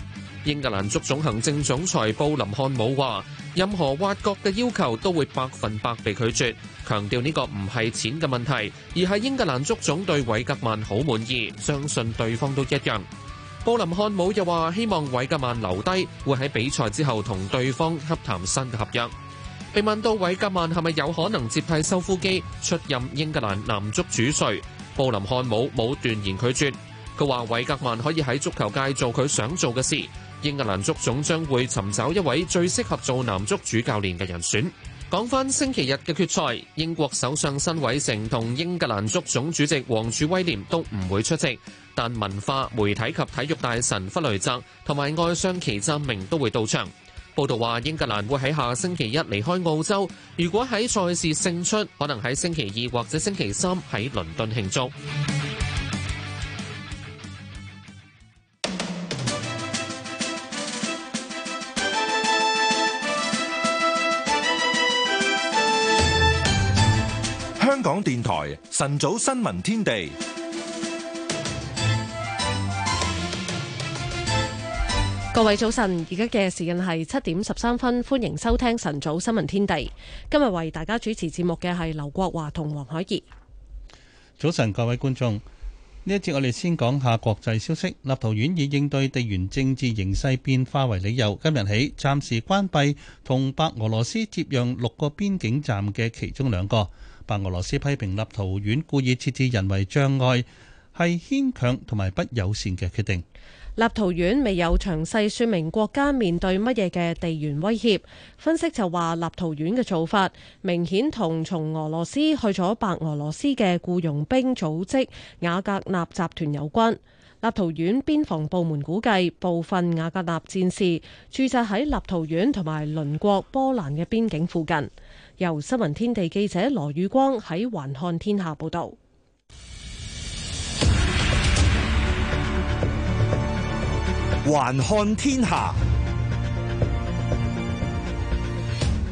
英格蘭足總行政總裁布林漢姆話，任何挖角嘅要求都會百分百被拒絕，強調呢個唔係錢嘅問題，而係英格蘭足總對韋格曼好滿意，相信對方都一樣。布林漢姆又話：希望韋格曼留低，會喺比賽之後同對方洽談新嘅合約。被問到韋格曼係咪有可能接替修夫基出任英格蘭男足主帥，布林漢姆冇斷言拒絕。佢話：韋格曼可以喺足球界做佢想做嘅事，英格蘭足總將會尋找一位最適合做男足主教練嘅人選。講翻星期日嘅決賽，英國首相辛偉誠同英格蘭足總主席王儲威廉都唔會出席，但文化媒體及體育大臣弗雷澤同埋外相祁湛明都會到場。報道話英格蘭會喺下星期一離開澳洲，如果喺賽事勝出，可能喺星期二或者星期三喺倫敦慶祝。香港電台晨早新聞天地，各位早晨，而家嘅時間係七點十三分，歡迎收聽晨早新聞天地。今日為大家主持節目嘅係劉國華同黃海怡。早晨，各位觀眾，呢一節我哋先講下國際消息。立陶宛以應對地緣政治形勢變化為理由，今日起暫時關閉同白俄羅斯接壤六個邊境站嘅其中兩個。白俄羅斯批評立陶宛故意設置人為障礙，係牽強同埋不友善嘅決定。立陶宛未有詳細説明國家面對乜嘢嘅地緣威脅，分析就話立陶宛嘅做法明顯同從俄羅斯去咗白俄羅斯嘅僱傭兵組織瓦格納集團有關。立陶宛邊防部門估計，部分瓦格納戰士駐紮喺立陶宛同埋鄰國波蘭嘅邊境附近。由新聞天地記者羅宇光喺《橫看天下》報道，《橫看天下》。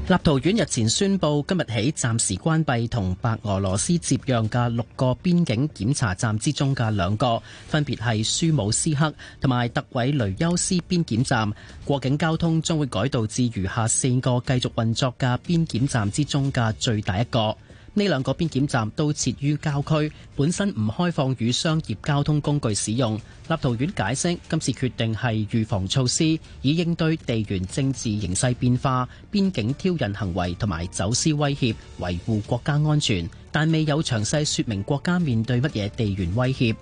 立陶宛日前宣布，今日起暫時關閉同白俄羅斯接壤嘅六個邊境檢查站之中嘅兩個，分別係舒姆斯克同埋特委雷優斯邊檢站。過境交通將會改道至餘下四個繼續運作嘅邊檢站之中嘅最大一個。呢兩個邊檢站都設於郊區，本身唔開放與商業交通工具使用。立陶宛解釋，今次決定係預防措施，以應對地緣政治形勢變化、邊境挑釁行為同埋走私威脅，維護國家安全，但未有詳細説明國家面對乜嘢地緣威脅。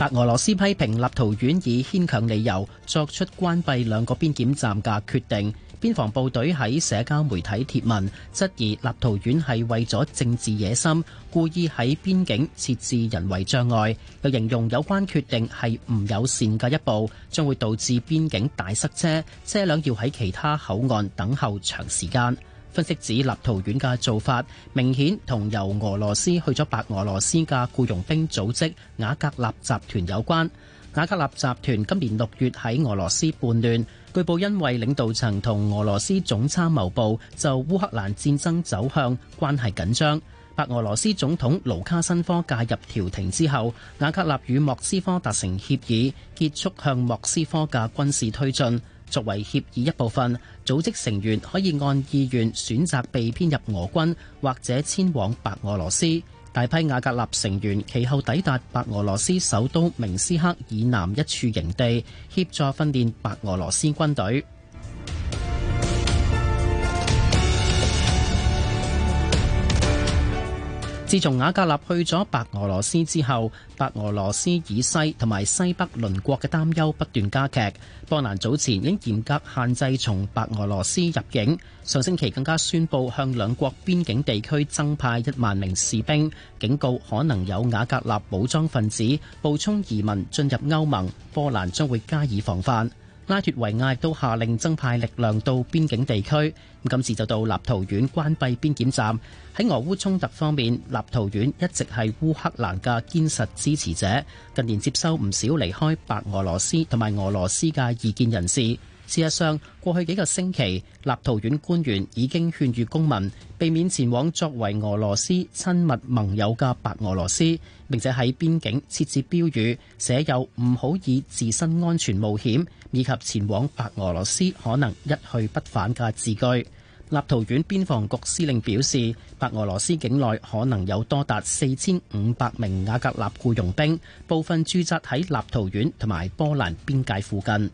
白俄羅斯批評立陶宛以牽強理由作出關閉兩個邊檢站嘅決定，邊防部隊喺社交媒體貼文質疑立陶宛係為咗政治野心，故意喺邊境設置人為障礙，又形容有關決定係唔友善嘅一步，將會導致邊境大塞車，車輛要喺其他口岸等候長時間。分析指立陶宛嘅做法明顯同由俄羅斯去咗白俄羅斯嘅僱傭兵組織雅格納集團有關。雅格納集團今年六月喺俄羅斯叛亂，據報因為領導層同俄羅斯總參謀部就烏克蘭戰爭走向關係緊張。白俄羅斯總統盧卡申科介入調停之後，雅格納與莫斯科達成協議，結束向莫斯科嘅軍事推進。作為協議一部分，組織成員可以按意願選擇被編入俄軍，或者遷往白俄羅斯。大批瓦格納成員，其後抵達白俄羅斯首都明斯克以南一處營地，協助訓練白俄羅斯軍隊。自從瓦格納去咗白俄羅斯之後，白俄羅斯以西同埋西北鄰國嘅擔憂不斷加劇。波蘭早前已嚴格限制從白俄羅斯入境，上星期更加宣布向兩國邊境地區增派一萬名士兵，警告可能有瓦格納武裝分子冒充移民進入歐盟，波蘭將會加以防範。拉脱維亞亦都下令增派力量到邊境地區。今次就到立陶宛關閉邊檢站。喺俄烏衝突方面，立陶宛一直係烏克蘭嘅堅實支持者，近年接收唔少離開白俄羅斯同埋俄羅斯嘅異見人士。事實上，過去幾個星期，立陶宛官員已經勸喻公民避免前往作為俄羅斯親密盟友嘅白俄羅斯。並且喺邊境設置標語，寫有唔好以自身安全冒險，以及前往白俄羅斯可能一去不返嘅字句。立陶宛邊防局司令表示，白俄羅斯境內可能有多達四千五百名瓦格納僱傭兵，部分駐紮喺立陶宛同埋波蘭邊界附近。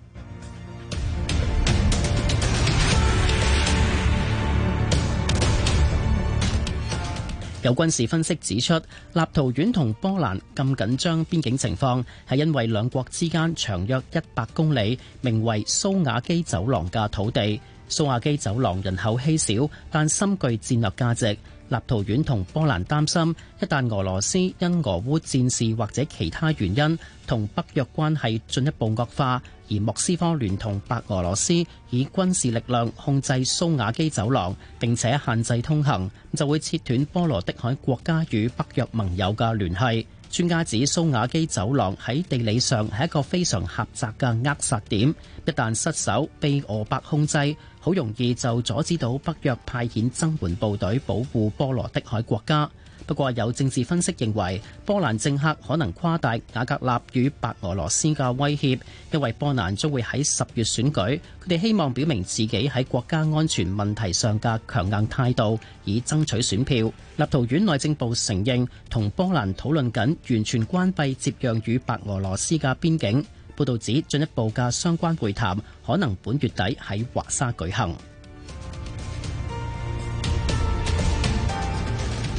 有軍事分析指出，立陶宛同波蘭咁緊張邊境情況係因為兩國之間長約一百公里、名為蘇瓦基走廊嘅土地。蘇瓦基走廊人口稀少，但深具戰略價值。立陶宛同波蘭擔心，一旦俄羅斯因俄烏戰事或者其他原因同北約關係進一步惡化。而莫斯科聯同白俄羅斯以軍事力量控制蘇瓦基走廊，並且限制通行，就會切斷波羅的海國家與北約盟友嘅聯繫。專家指，蘇瓦基走廊喺地理上係一個非常狹窄嘅扼殺點，一旦失守被俄白控制，好容易就阻止到北約派遣增援部隊保護波羅的海國家。不過有政治分析認為，波蘭政客可能誇大雅格納與白俄羅斯嘅威脅，因為波蘭將會喺十月選舉，佢哋希望表明自己喺國家安全問題上嘅強硬態度，以爭取選票。立陶宛內政部承認同波蘭討論緊完全關閉接壤與白俄羅斯嘅邊境。報導指進一步嘅相關會談可能本月底喺華沙舉行。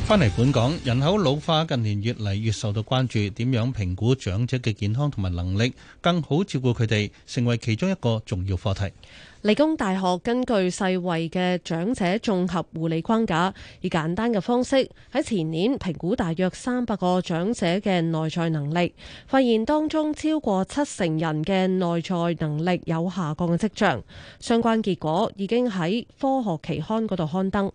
返嚟本港，人口老化近年越嚟越受到關注，點樣評估長者嘅健康同埋能力，更好照顧佢哋，成為其中一個重要課題。理工大學根據世衛嘅長者綜合護理框架，以簡單嘅方式喺前年評估大約三百個長者嘅內在能力，發現當中超過七成人嘅內在能力有下降嘅跡象。相關結果已經喺科學期刊嗰度刊登。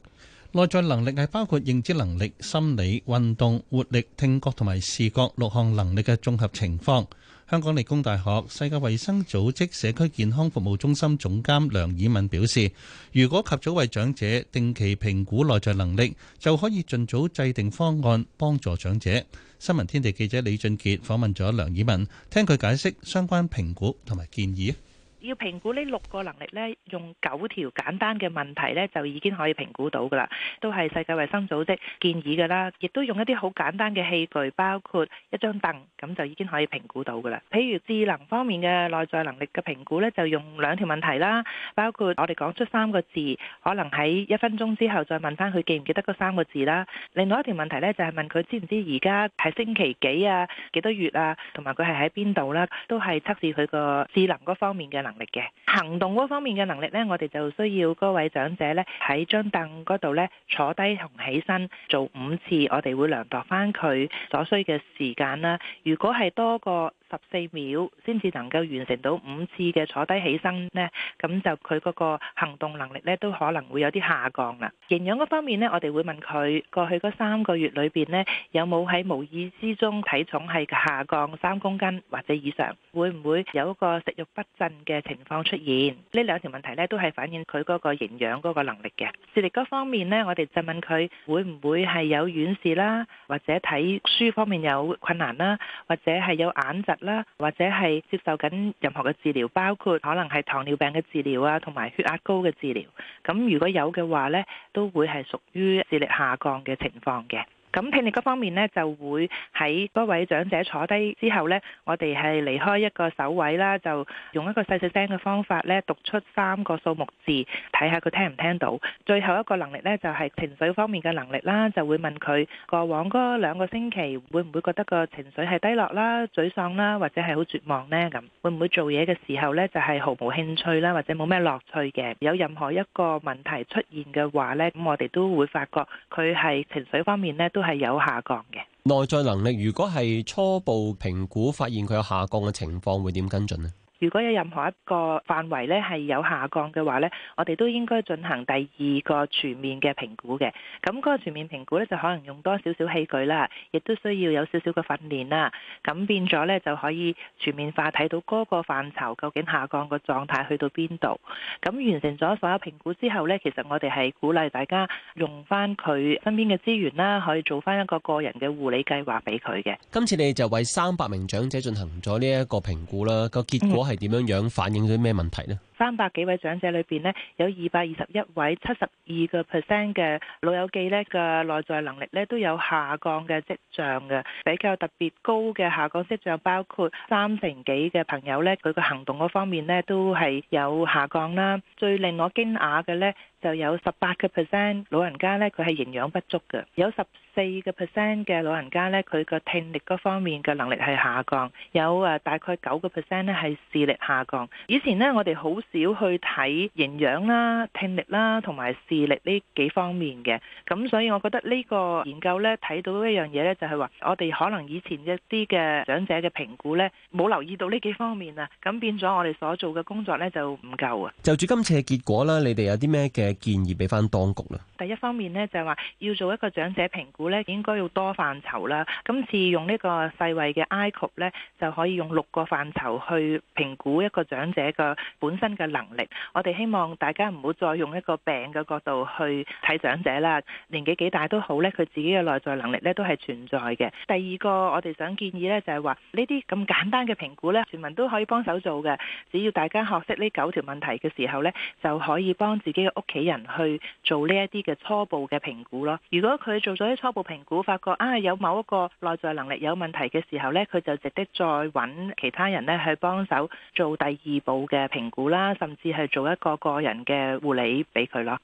內在能力係包括認知能力、心理運動活力、聽覺同埋視覺六項能力嘅綜合情況。香港理工大學世界衛生組織社區健康服務中心總監梁以敏表示，如果及早為長者定期評估內在能力，就可以盡早制定方案幫助長者。新聞天地記者李俊傑訪問咗梁以敏，聽佢解釋相關評估同埋建議。要評估呢六個能力咧，用九條簡單嘅問題咧，就已經可以評估到噶啦。都係世界衞生組織建議噶啦，亦都用一啲好簡單嘅器具，包括一張凳，咁就已經可以評估到噶啦。譬如智能方面嘅內在能力嘅評估咧，就用兩條問題啦，包括我哋講出三個字，可能喺一分鐘之後再問翻佢記唔記得嗰三個字啦。另外一條問題咧，就係問佢知唔知而家係星期幾啊、幾多月啊，同埋佢係喺邊度啦，都係測試佢個智能嗰方面嘅能力。能力嘅行動嗰方面嘅能力咧，我哋就需要嗰位長者咧喺張凳嗰度咧坐低同起身做五次，我哋會量度翻佢所需嘅時間啦。如果係多過十四秒先至能夠完成到五次嘅坐低起身呢，咁就佢嗰個行動能力呢都可能會有啲下降啦。營養嗰方面呢，我哋會問佢過去嗰三個月裏邊呢，有冇喺無意之中體重係下降三公斤或者以上，會唔會有一個食欲不振嘅情況出現？呢兩條問題呢都係反映佢嗰個營養嗰個能力嘅。視力嗰方面呢，我哋就問佢會唔會係有遠視啦，或者睇書方面有困難啦，或者係有眼疾。啦，或者係接受緊任何嘅治療，包括可能係糖尿病嘅治療啊，同埋血壓高嘅治療。咁如果有嘅話呢，都會係屬於視力下降嘅情況嘅。咁聽力嗰方面咧，就會喺嗰位長者坐低之後咧，我哋係離開一個首位啦，就用一個細細聲嘅方法咧，讀出三個數目字，睇下佢聽唔聽到。最後一個能力咧，就係情緒方面嘅能力啦，就會問佢過往嗰兩個星期會唔會覺得個情緒係低落啦、沮喪啦，或者係好絕望咧，咁會唔會做嘢嘅時候咧，就係毫無興趣啦，或者冇咩樂趣嘅？有任何一個問題出現嘅話咧，咁我哋都會發覺佢係情緒方面咧都係有下降嘅內在能力。如果係初步評估發現佢有下降嘅情況，會點跟進呢？如果有任何一個範圍咧係有下降嘅話咧，我哋都應該進行第二個全面嘅評估嘅。咁嗰個全面評估咧就可能用多少少器具啦，亦都需要有少少嘅訓練啦。咁變咗咧就可以全面化睇到嗰個範疇究竟下降嘅狀態去到邊度。咁完成咗所有評估之後咧，其實我哋係鼓勵大家用翻佢身邊嘅資源啦，可以做翻一個個人嘅護理計劃俾佢嘅。今次你就為三百名長者進行咗呢一個評估啦，個結果係，係點樣樣反映咗咩問題咧？三百幾位長者裏邊呢，有二百二十一位，七十二個 percent 嘅老友記呢，嘅內在能力呢都有下降嘅跡象嘅。比較特別高嘅下降跡象包括三成幾嘅朋友呢，佢個行動嗰方面呢都係有下降啦。最令我驚訝嘅呢，就有十八個 percent 老人家呢，佢係營養不足嘅，有十四個 percent 嘅老人家呢，佢個聽力嗰方面嘅能力係下降，有誒大概九個 percent 呢係視力下降。以前呢，我哋好少去睇營養啦、聽力啦同埋視力呢幾方面嘅，咁所以我覺得呢個研究呢，睇到一樣嘢呢，就係話我哋可能以前一啲嘅長者嘅評估呢，冇留意到呢幾方面啊，咁變咗我哋所做嘅工作呢，就唔夠啊。就住今次嘅結果啦，你哋有啲咩嘅建議俾翻當局啦？第一方面呢，就係話要做一個長者評估呢，應該要多範疇啦。今次用呢個世衛嘅 ICOPE 呢，就可以用六個範疇去評估一個長者嘅本身嘅能力，我哋希望大家唔好再用一個病嘅角度去睇長者啦。年紀幾大都好咧，佢自己嘅內在能力咧都係存在嘅。第二個，我哋想建議咧，就係話呢啲咁簡單嘅評估咧，全民都可以幫手做嘅。只要大家學識呢九條問題嘅時候咧，就可以幫自己嘅屋企人去做呢一啲嘅初步嘅評估咯。如果佢做咗啲初步評估，發覺啊有某一個內在能力有問題嘅時候咧，佢就值得再揾其他人咧去幫手做第二步嘅評估啦。甚至係做一個個人嘅護理俾佢咯。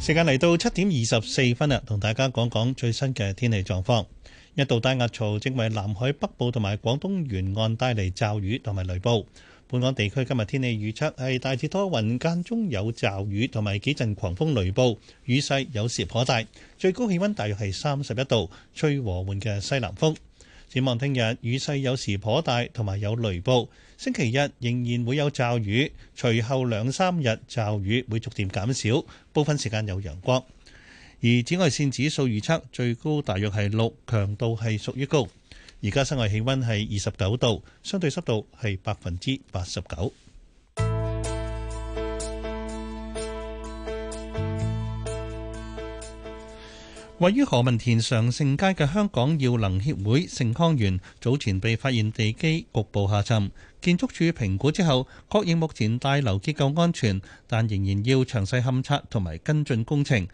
時間嚟到七點二十四分啦，同大家講講最新嘅天氣狀況。一道低壓槽正為南海北部同埋廣東沿岸帶嚟驟雨同埋雷暴。本港地區今日天氣預測係大致多雲，間中有驟雨同埋幾陣狂風雷暴，雨勢有時頗大，最高氣溫大約係三十一度，吹和緩嘅西南風。展望聽日雨勢有時頗大，同埋有雷暴。星期日仍然會有驟雨，隨後兩三日驟雨會逐漸減少，部分時間有陽光。而紫外線指數預測最高大約係六，強度係屬於高。而家室外氣溫係二十九度，相對濕度係百分之八十九。位於何文田常盛街嘅香港耀能協會盛康園早前被發現地基局部下沉，建築署評估之後確認目前大樓結構安全，但仍然要詳細勘測同埋跟進工程。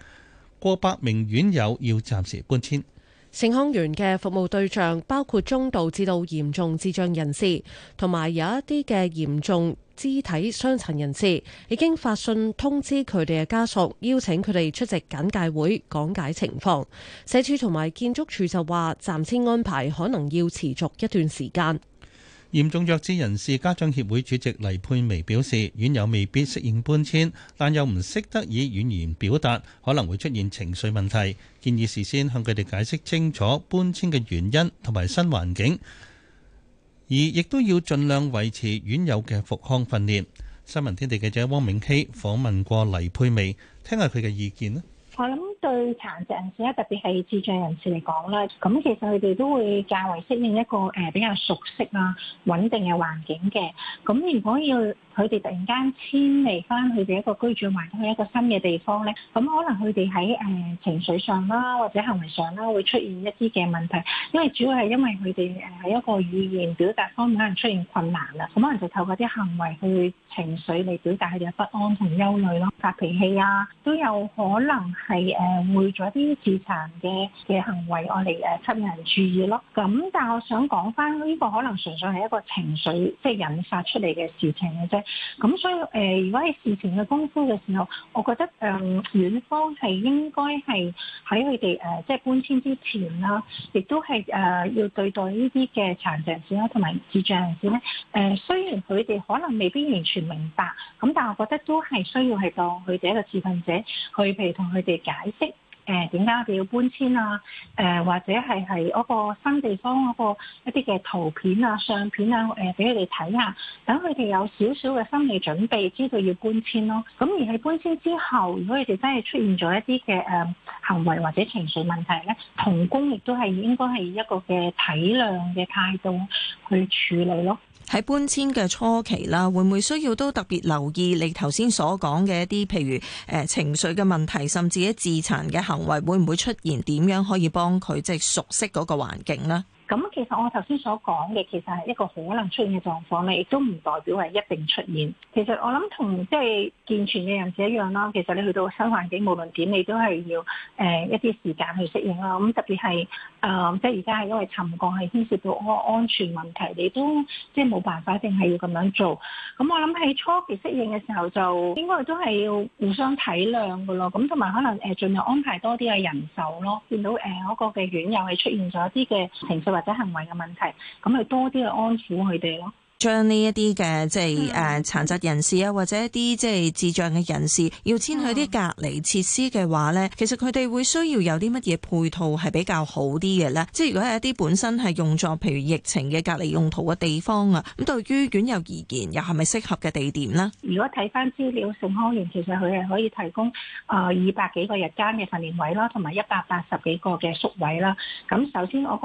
過百名院友要暫時搬遷。盛康園嘅服務對象包括中度至到嚴重智障人士，同埋有一啲嘅嚴重。肢體傷殘人士已經發信通知佢哋嘅家屬，邀請佢哋出席簡介會講解情況。社署同埋建築署就話，暫時安排可能要持續一段時間。嚴重弱智人士家長協會主席黎佩薇表示，院友未必適應搬遷，但又唔識得以語言表達，可能會出現情緒問題，建議事先向佢哋解釋清楚搬遷嘅原因同埋新環境。而亦都要盡量維持原有嘅復康訓練。新聞天地記者汪明希訪問過黎佩薇，聽下佢嘅意見咧。對殘疾人士咧，特別係智障人士嚟講咧，咁其實佢哋都會較為適應一個誒、呃、比較熟悉啊穩定嘅環境嘅。咁如果要佢哋突然間遷離翻佢哋一個居住環境，一個新嘅地方咧，咁可能佢哋喺誒情緒上啦，或者行為上啦，會出現一啲嘅問題。因為主要係因為佢哋誒喺一個語言表達方面可能出現困難啦，咁可能就透過啲行為去情緒嚟表達佢哋嘅不安同憂慮咯，發脾氣啊，都有可能係誒。呃誒會做一啲自殘嘅嘅行為，我哋誒吸引人注意咯。咁但係我想講翻呢個可能純粹係一個情緒，即係引發出嚟嘅事情嘅啫。咁所以誒、呃，如果係事前嘅功夫嘅時候，我覺得誒院方係應該係喺佢哋誒即係搬遷之前啦，亦都係誒、呃、要對待呢啲嘅殘障人士啦，同埋智障人士咧。誒、呃、雖然佢哋可能未必完全明白，咁但係我覺得都係需要係當佢哋一個持份者去譬如同佢哋解。誒點解我哋要搬遷啊？誒或者係係嗰個新地方嗰個一啲嘅圖片啊、相片啊，誒俾佢哋睇下。等佢哋有少少嘅心理準備，知道要搬遷咯。咁而喺搬遷之後，如果佢哋真係出現咗一啲嘅誒行為或者情緒問題咧，同工亦都係應該係一個嘅體諒嘅態度去處理咯。喺搬遷嘅初期啦，會唔會需要都特別留意你頭先所講嘅一啲，譬如誒、呃、情緒嘅問題，甚至自殘嘅行為，會唔會出現？點樣可以幫佢即係熟悉嗰個環境呢？咁其實我頭先所講嘅，其實係一個可能出現嘅狀況咧，亦都唔代表係一定出現。其實我諗同即係健全嘅人士一樣啦，其實你去到新環境，無論點你都係要誒一啲時間去適應啦。咁特別係誒、呃、即係而家係因為沉降係牽涉到安安全問題，你都即係冇辦法，淨係要咁樣做。咁我諗喺初期適應嘅時候，就應該都係要互相體諒噶咯。咁同埋可能誒盡量安排多啲嘅人手咯。見到誒嗰個嘅院友係出現咗一啲嘅情緒或者行為嘅問題，咁咪多啲去安撫佢哋咯。將呢一啲嘅即係誒殘疾人士啊，或者一啲即係智障嘅人士，要遷去啲隔離設施嘅話咧，其實佢哋會需要有啲乜嘢配套係比較好啲嘅咧？即係如果係一啲本身係用作譬如疫情嘅隔離用途嘅地方啊，咁對於院友而言，又係咪適合嘅地點呢？如果睇翻資料，盛康園其實佢係可以提供誒二百幾個日間嘅訓練位啦，同埋一百八十幾個嘅宿位啦。咁首先嗰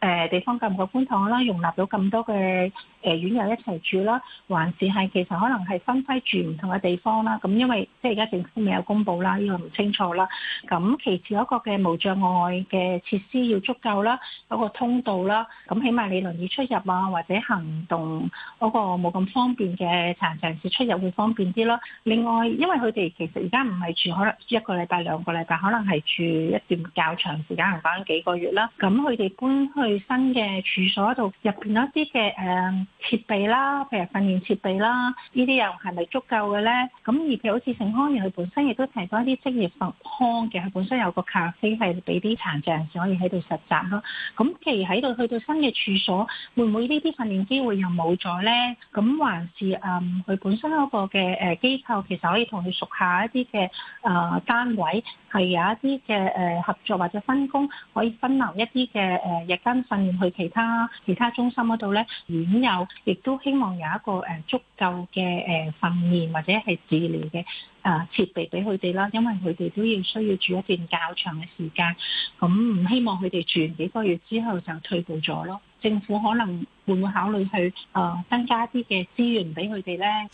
個誒地方夠唔夠寬敞啦，容納到咁多嘅誒院。呃又一齊住啦，還是係其實可能係分開住唔同嘅地方啦。咁因為即係而家政府未有公布啦，呢個唔清楚啦。咁其次有個嘅無障礙嘅設施要足夠啦，有個通道啦。咁起碼你輪椅出入啊，或者行動嗰個冇咁方便嘅殘疾人士出入會方便啲咯。另外，因為佢哋其實而家唔係住，可能一個禮拜兩個禮拜，可能係住一段較長時間，可能幾個月啦。咁佢哋搬去新嘅處所度，入邊一啲嘅誒設備啦，譬如訓練設備啦，呢啲又係咪足夠嘅咧？咁而譬如好似盛康園，佢本身亦都提供一啲職業復康嘅，佢本身有個咖啡係俾啲殘障人士可以喺度實習咯。咁其喺度去到新嘅處所，會唔會呢啲訓練機會又冇咗咧？咁還是誒佢、嗯、本身嗰個嘅誒機構其實可以同佢熟一下一啲嘅誒單位，係有一啲嘅誒合作或者分工，可以分流一啲嘅誒日間訓練去其他其他中心嗰度咧，如果有。亦都希望有一個誒足夠嘅誒訓練或者係治療嘅啊設備俾佢哋啦，因為佢哋都要需要住一段較長嘅時間，咁唔希望佢哋住完幾個月之後就退步咗咯。政府可能會唔會考慮去啊增加啲嘅資源俾佢哋咧？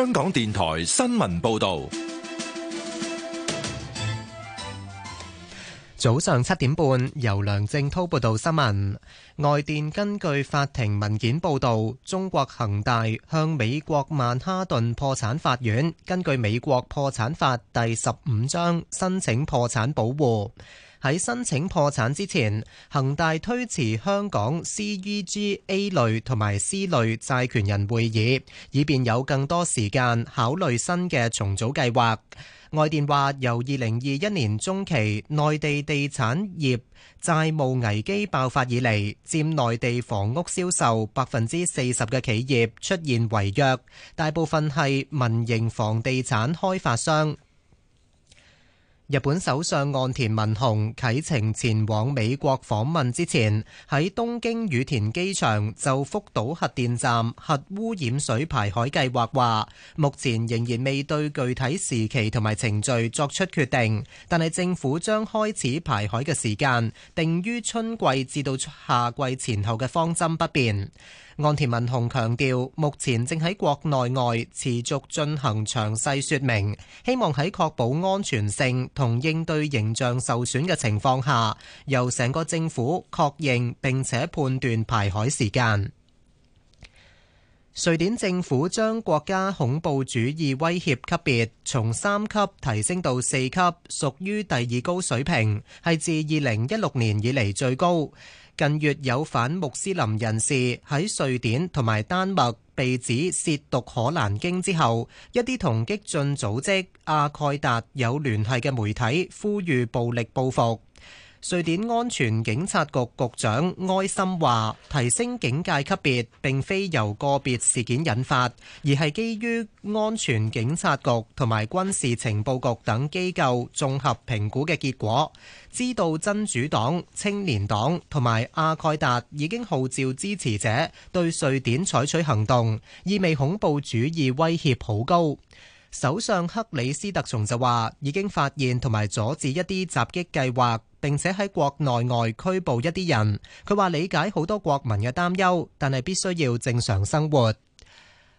香港電台新聞報道，早上七點半由梁正濤報道新聞。外電根據法庭文件報道，中國恒大向美國曼哈頓破產法院根據美國破產法第十五章申請破產保護。喺申請破產之前，恒大推遲香港 CEGA 類同埋 C 類債權人會議，以便有更多時間考慮新嘅重組計劃。外電話由二零二一年中期內地地產業債務危機爆發以嚟，佔內地房屋銷售百分之四十嘅企業出現違約，大部分係民營房地產開發商。日本首相岸田文雄啟程前往美國訪問之前，喺東京羽田機場就福島核電站核污染水排海計劃話，目前仍然未對具體時期同埋程序作出決定，但係政府將開始排海嘅時間定於春季至到夏季前後嘅方針不變。岸田文雄強調，目前正喺國內外持續進行詳細說明，希望喺確保安全性同應對形象受損嘅情況下，由成個政府確認並且判斷排海時間。瑞典政府將國家恐怖主義威脅級別從三級提升到四級，屬於第二高水平，係自二零一六年以嚟最高。近月有反穆斯林人士喺瑞典同埋丹麥被指褻瀆可蘭經之後，一啲同激進組織阿蓋達有聯繫嘅媒體呼籲暴力報復。瑞典安全警察局局長埃森話，提升警戒級別並非由個別事件引發，而係基於安全警察局同埋軍事情報局等機構綜合評估嘅結果。知道真主黨、青年黨同埋阿蓋達已經號召支持者對瑞典採取行動，意味恐怖主義威脅好高。首相克里斯特松就話，已經發現同埋阻止一啲襲擊計劃。並且喺國內外拘捕一啲人。佢話理解好多國民嘅擔憂，但係必須要正常生活。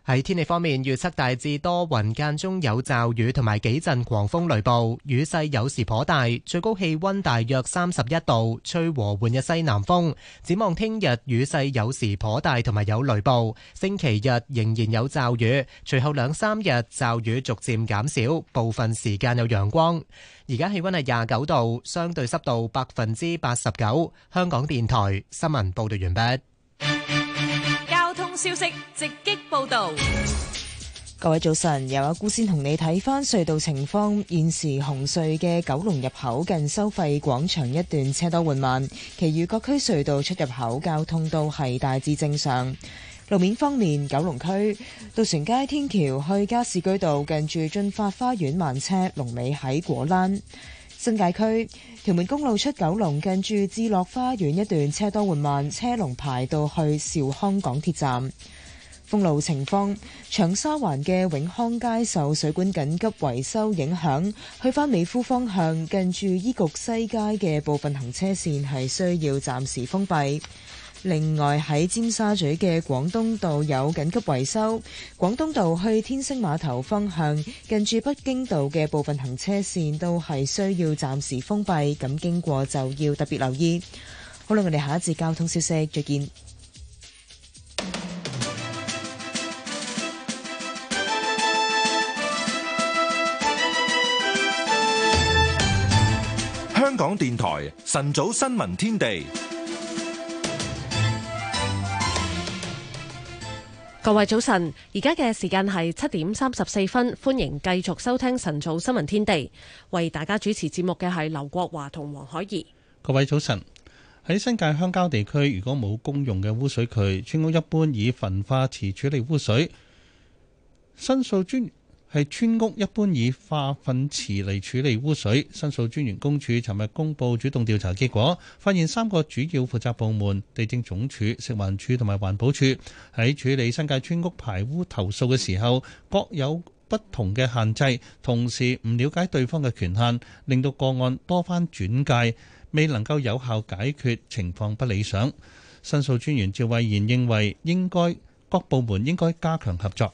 喺天氣方面，預測大致多雲間中有驟雨，同埋幾陣狂風雷暴，雨勢有時頗大。最高氣溫大約三十一度，吹和緩嘅西南風。展望聽日雨勢有時頗大，同埋有雷暴。星期日仍然有驟雨，隨後兩三日驟雨逐漸減少，部分時間有陽光。而家氣溫係廿九度，相對濕度百分之八十九。香港電台新聞報道完畢。消息直擊報道，各位早晨，由阿姑先同你睇翻隧道情況。現時紅隧嘅九龍入口近收費廣場一段車多緩慢，其餘各區隧道出入口交通都係大致正常。路面方面，九龍區渡船街天橋去加士居道近住駿發花園慢車，龍尾喺果欄。新界區。屯門公路出九龍近住智樂花園一段車多緩慢，車龍排到去兆康港鐵站。封路情況：長沙灣嘅永康街受水管緊急維修影響，去返美孚方向近住醫局西街嘅部分行車線係需要暫時封閉。另外喺尖沙咀嘅廣東道有緊急維修，廣東道去天星碼頭方向近住北京道嘅部分行車綫都係需要暫時封閉，咁經過就要特別留意。好啦，我哋下一節交通消息再見。香港電台晨早新聞天地。各位早晨，而家嘅時間係七點三十四分，歡迎繼續收聽晨早新聞天地。為大家主持節目嘅係劉國華同黃海怡。各位早晨，喺新界鄉郊地區，如果冇公用嘅污水渠，村屋一般以焚化池處理污水。申訴專。係村屋一般以化糞池嚟處理污水。申訴專員公署尋日公佈，主動調查結果，發現三個主要負責部門地政總署、食環署同埋環保署喺處理新界村屋排污投訴嘅時候，各有不同嘅限制，同時唔了解對方嘅權限，令到個案多番轉介，未能夠有效解決，情況不理想。申訴專員趙慧賢認為，應該各部門應該加強合作。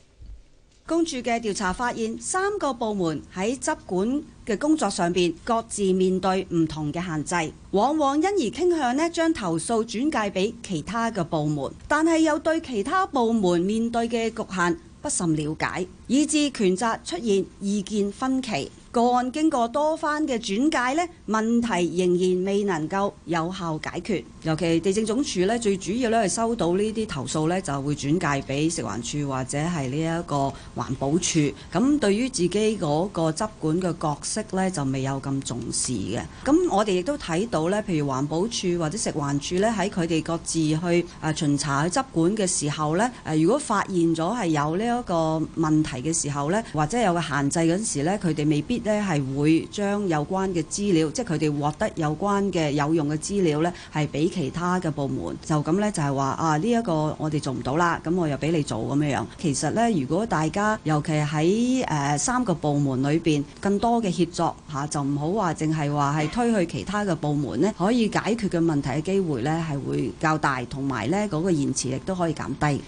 公署嘅調查發現，三個部門喺執管嘅工作上面，各自面對唔同嘅限制，往往因而傾向咧將投訴轉介畀其他嘅部門，但係又對其他部門面對嘅局限不甚了解，以致權責出現意見分歧。個案經過多番嘅轉介咧，問題仍然未能夠有效解決。尤其地政總署咧，最主要咧係收到呢啲投訴咧，就會轉介俾食環署或者係呢一個環保署。咁對於自己嗰個執管嘅角色咧，就未有咁重視嘅。咁我哋亦都睇到咧，譬如環保署或者食環署咧，喺佢哋各自去啊巡查去執管嘅時候咧，誒如果發現咗係有呢一個問題嘅時候咧，或者有個限制嗰陣時咧，佢哋未必咧係會將有關嘅資料，即係佢哋獲得有關嘅有用嘅資料咧，係俾其他嘅部門就咁呢，就係話、就是、啊呢一、這個我哋做唔到啦，咁我又俾你做咁樣樣。其實呢，如果大家尤其喺誒、呃、三個部門裏邊，更多嘅協作嚇、啊，就唔好話淨係話係推去其他嘅部門呢，可以解決嘅問題嘅機會呢係會較大，同埋呢嗰、那個延遲力都可以減低。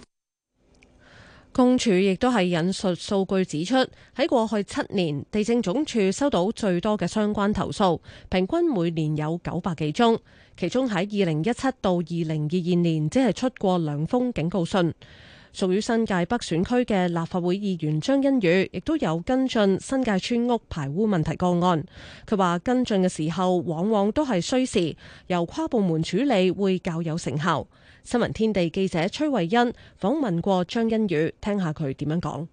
公署亦都係引述數據指出，喺過去七年，地政總署收到最多嘅相關投訴，平均每年有九百幾宗。其中喺二零一七到二零二二年，只係出過兩封警告信。屬於新界北選區嘅立法會議員張欣宇，亦都有跟進新界村屋排污問題個案。佢話跟進嘅時候，往往都係需時，由跨部門處理會較有成效。新聞天地記者崔慧欣訪問過張欣宇，聽下佢點樣講。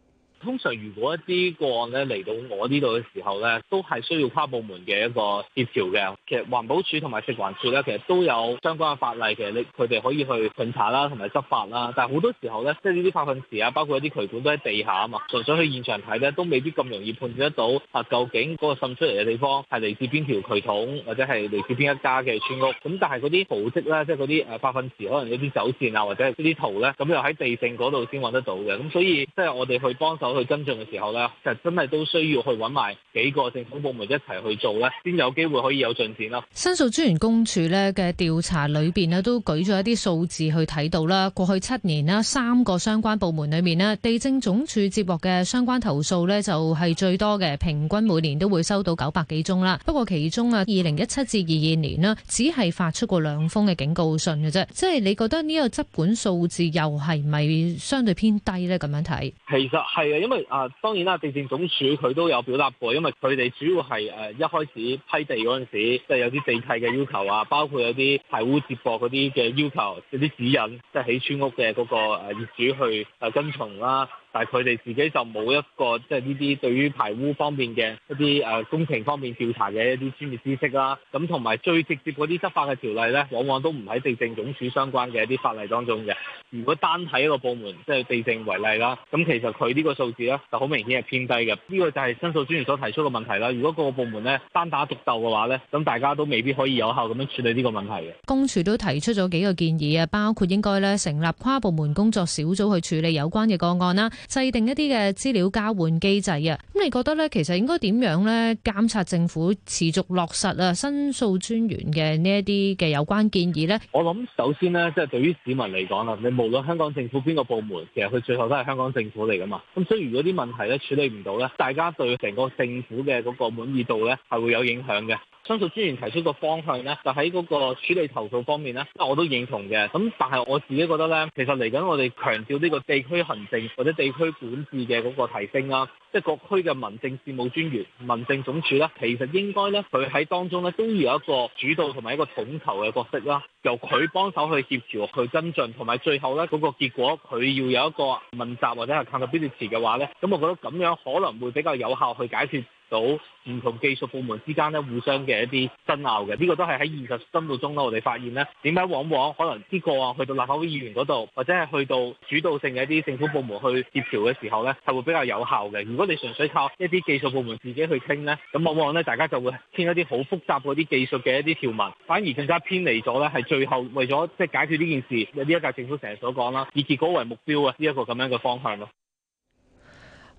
通常如果一啲個案咧嚟到我呢度嘅時候咧，都係需要跨部門嘅一個協調嘅。其實環保署同埋食環署咧，其實都有相關嘅法例，其實你佢哋可以去巡查啦，同埋執法啦。但係好多時候咧，即係呢啲化糞池啊，包括一啲渠管都喺地下啊嘛，純粹去現場睇咧，都未必咁容易判斷得到啊。究竟嗰個滲出嚟嘅地方係嚟自邊條渠桶，或者係嚟自邊一家嘅村屋？咁但係嗰啲圖則咧，即係嗰啲誒化糞池可能有啲走線啊，或者一啲圖咧，咁又喺地政嗰度先揾得到嘅。咁所以即係我哋去幫手。去跟進嘅時候咧，就真係都需要去揾埋幾個政府部門一齊去做咧，先有機會可以有進展咯。申訴專員公署咧，嘅調查裏邊咧，都舉咗一啲數字去睇到啦。過去七年啦，三個相關部門裏面咧，地政總署接獲嘅相關投訴咧，就係最多嘅，平均每年都會收到九百幾宗啦。不過其中啊，二零一七至二二年咧，只係發出過兩封嘅警告信嘅啫。即係你覺得呢個執管數字又係咪相對偏低咧？咁樣睇，其實係。因為啊、呃，當然啦，地政總署佢都有表達過，因為佢哋主要係誒、呃、一開始批地嗰陣時，即、就、係、是、有啲地契嘅要求啊，包括有啲排污接駁嗰啲嘅要求，有啲指引，即係起村屋嘅嗰、那個誒、呃、業主去誒、呃、跟從啦、啊。但係佢哋自己就冇一個即係呢啲對於排污方面嘅一啲誒工程方面調查嘅一啲專業知識啦。咁同埋最直接嗰啲執法嘅條例呢，往往都唔喺地政總署相關嘅一啲法例當中嘅。如果單睇一個部門，即係地政為例啦，咁其實佢呢個數字呢就好明顯係偏低嘅。呢個就係申訴專員所提出嘅問題啦。如果個個部門咧單打獨鬥嘅話呢，咁大家都未必可以有效咁樣處理呢個問題嘅。公署都提出咗幾個建議啊，包括應該咧成立跨部門工作小組去處理有關嘅個案啦。制定一啲嘅資料交換機制啊，咁你覺得咧，其實應該點樣咧監察政府持續落實啊，申訴專員嘅呢一啲嘅有關建議咧？我諗首先咧，即係對於市民嚟講啦，你無論香港政府邊個部門，其實佢最後都係香港政府嚟噶嘛。咁所以如果啲問題咧處理唔到咧，大家對成個政府嘅嗰個滿意度咧係會有影響嘅。申訴專員提出個方向呢，就喺嗰個處理投訴方面呢，我都認同嘅。咁但係我自己覺得呢，其實嚟緊我哋強調呢個地區行政或者地區管治嘅嗰個提升啦、啊，即係各區嘅民政事務專員，民政總署呢，其實應該呢，佢喺當中呢，都要有一個主導同埋一個統籌嘅角色啦、啊，由佢幫手去協調去跟進同埋最後呢嗰個結果佢要有一個問責或者係 accountability 嘅話呢，咁我覺得咁樣可能會比較有效去解決。到唔同技術部門之間咧，互相嘅一啲爭拗嘅，呢、這個都係喺現實生活中咯，我哋發現咧，點解往往可能呢、這個去到立法會議員嗰度，或者係去到主導性嘅一啲政府部門去協調嘅時候咧，係會比較有效嘅。如果你純粹靠一啲技術部門自己去傾咧，咁往往咧大家就會傾一啲好複雜嗰啲技術嘅一啲條文，反而更加偏離咗咧，係最後為咗即係解決呢件事。有呢一屆政府成日所講啦，以結果為目標啊，呢一個咁樣嘅方向咯。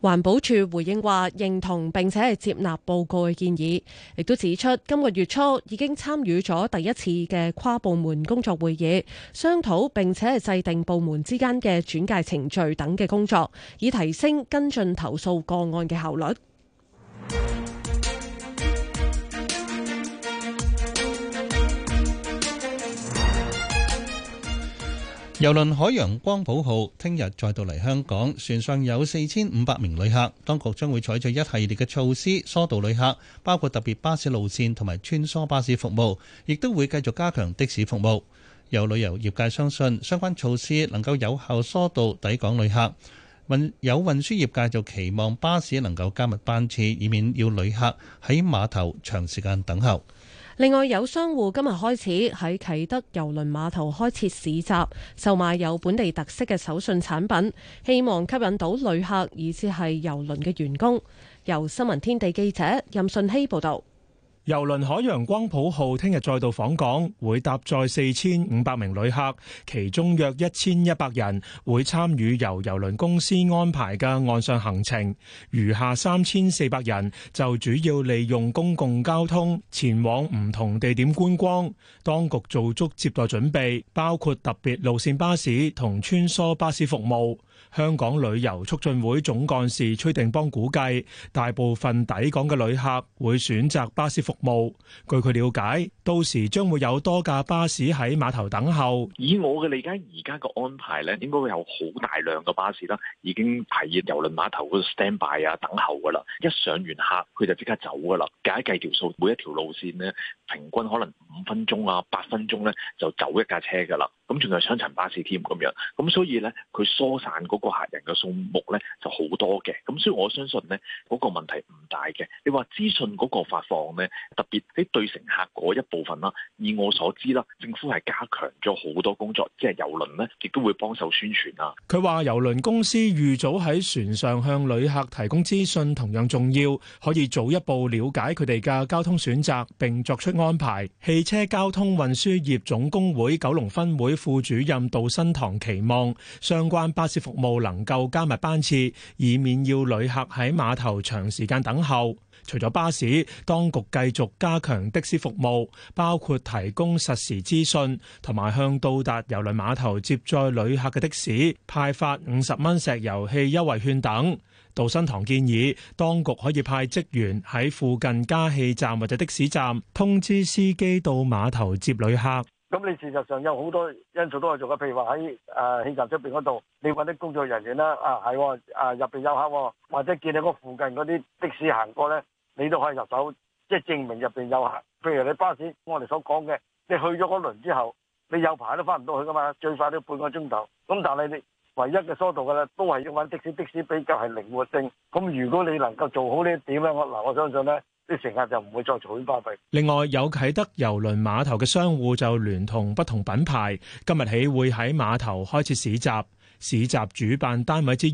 環保署回應話認同，並且係接納報告嘅建議，亦都指出今個月初已經參與咗第一次嘅跨部門工作會議，商討並且係制定部門之間嘅轉介程序等嘅工作，以提升跟進投訴個案嘅效率。郵輪海洋光譜號聽日再度嚟香港，船上有四千五百名旅客。當局將會採取一系列嘅措施疏導旅客，包括特別巴士路線同埋穿梭巴士服務，亦都會繼續加強的士服務。有旅遊業界相信相關措施能夠有效疏導抵港旅客。運有運輸業界就期望巴士能夠加密班次，以免要旅客喺碼頭長時間等候。另外有商戶今日開始喺啟德郵輪碼頭開設市集，售賣有本地特色嘅手信產品，希望吸引到旅客，以至係郵輪嘅員工。由新聞天地記者任信希報道。郵輪海洋光譜號聽日再度訪港，會搭載四千五百名旅客，其中約一千一百人會參與由郵輪公司安排嘅岸上行程，餘下三千四百人就主要利用公共交通前往唔同地點觀光。當局做足接待準備，包括特別路綫巴士同穿梭巴士服務。香港旅遊促進會總幹事崔定邦估計，大部分抵港嘅旅客會選擇巴士服務。據佢了解，到時將會有多架巴士喺碼頭等候。以我嘅理解，而家嘅安排呢應該會有好大量嘅巴士啦，已經喺郵輪碼頭嗰度 standby 啊等候㗎啦。一上完客，佢就即刻走㗎啦。計一計條數，每一條路線呢，平均可能五分鐘啊、八分鐘呢，就走一架車㗎啦。咁仲有雙層巴士添咁樣，咁所以咧，佢疏散嗰個客人嘅數目咧就好多嘅。咁所以我相信咧，嗰個問題唔大嘅。你話資訊嗰個發放咧，特別喺對乘客嗰一部分啦，以我所知啦，政府係加強咗好多工作，即係郵輪咧，亦都會幫手宣傳啊。佢話郵輪公司預早喺船上向旅客提供資訊同樣重要，可以早一步了解佢哋嘅交通選擇並作出安排。汽車交通運輸業總工會九龍分會副主任杜新堂期望相關巴士服務能夠加密班次，以免要旅客喺碼頭長時間等候。除咗巴士，當局繼續加強的士服務，包括提供實時資訊，同埋向到達郵輪碼頭接載旅客嘅的的士派發五十蚊石油氣優惠券等。杜新堂建議當局可以派職員喺附近加氣站或者的士站通知司機到碼頭接旅客。咁你事實上有好多因素都可以做嘅，譬如話喺誒氣站出邊嗰度，你揾啲工作人員啦，啊係，啊入邊有客，或者見到個附近嗰啲的士行過咧，你都可以入手，即係證明入邊有客。譬如你巴士，我哋所講嘅，你去咗嗰輪之後，你有排都翻唔到去噶嘛，最快都半個鐘頭。咁但係你唯一嘅疏導嘅咧，都係要揾的士，的士比較係靈活性。咁如果你能夠做好呢一點咧，我嗱、呃、我相信咧。乘客就唔會再隨便花費。另外，有啟德郵輪碼頭嘅商戶就聯同不同品牌，今日起會喺碼頭開設市集，市集主辦單位之一，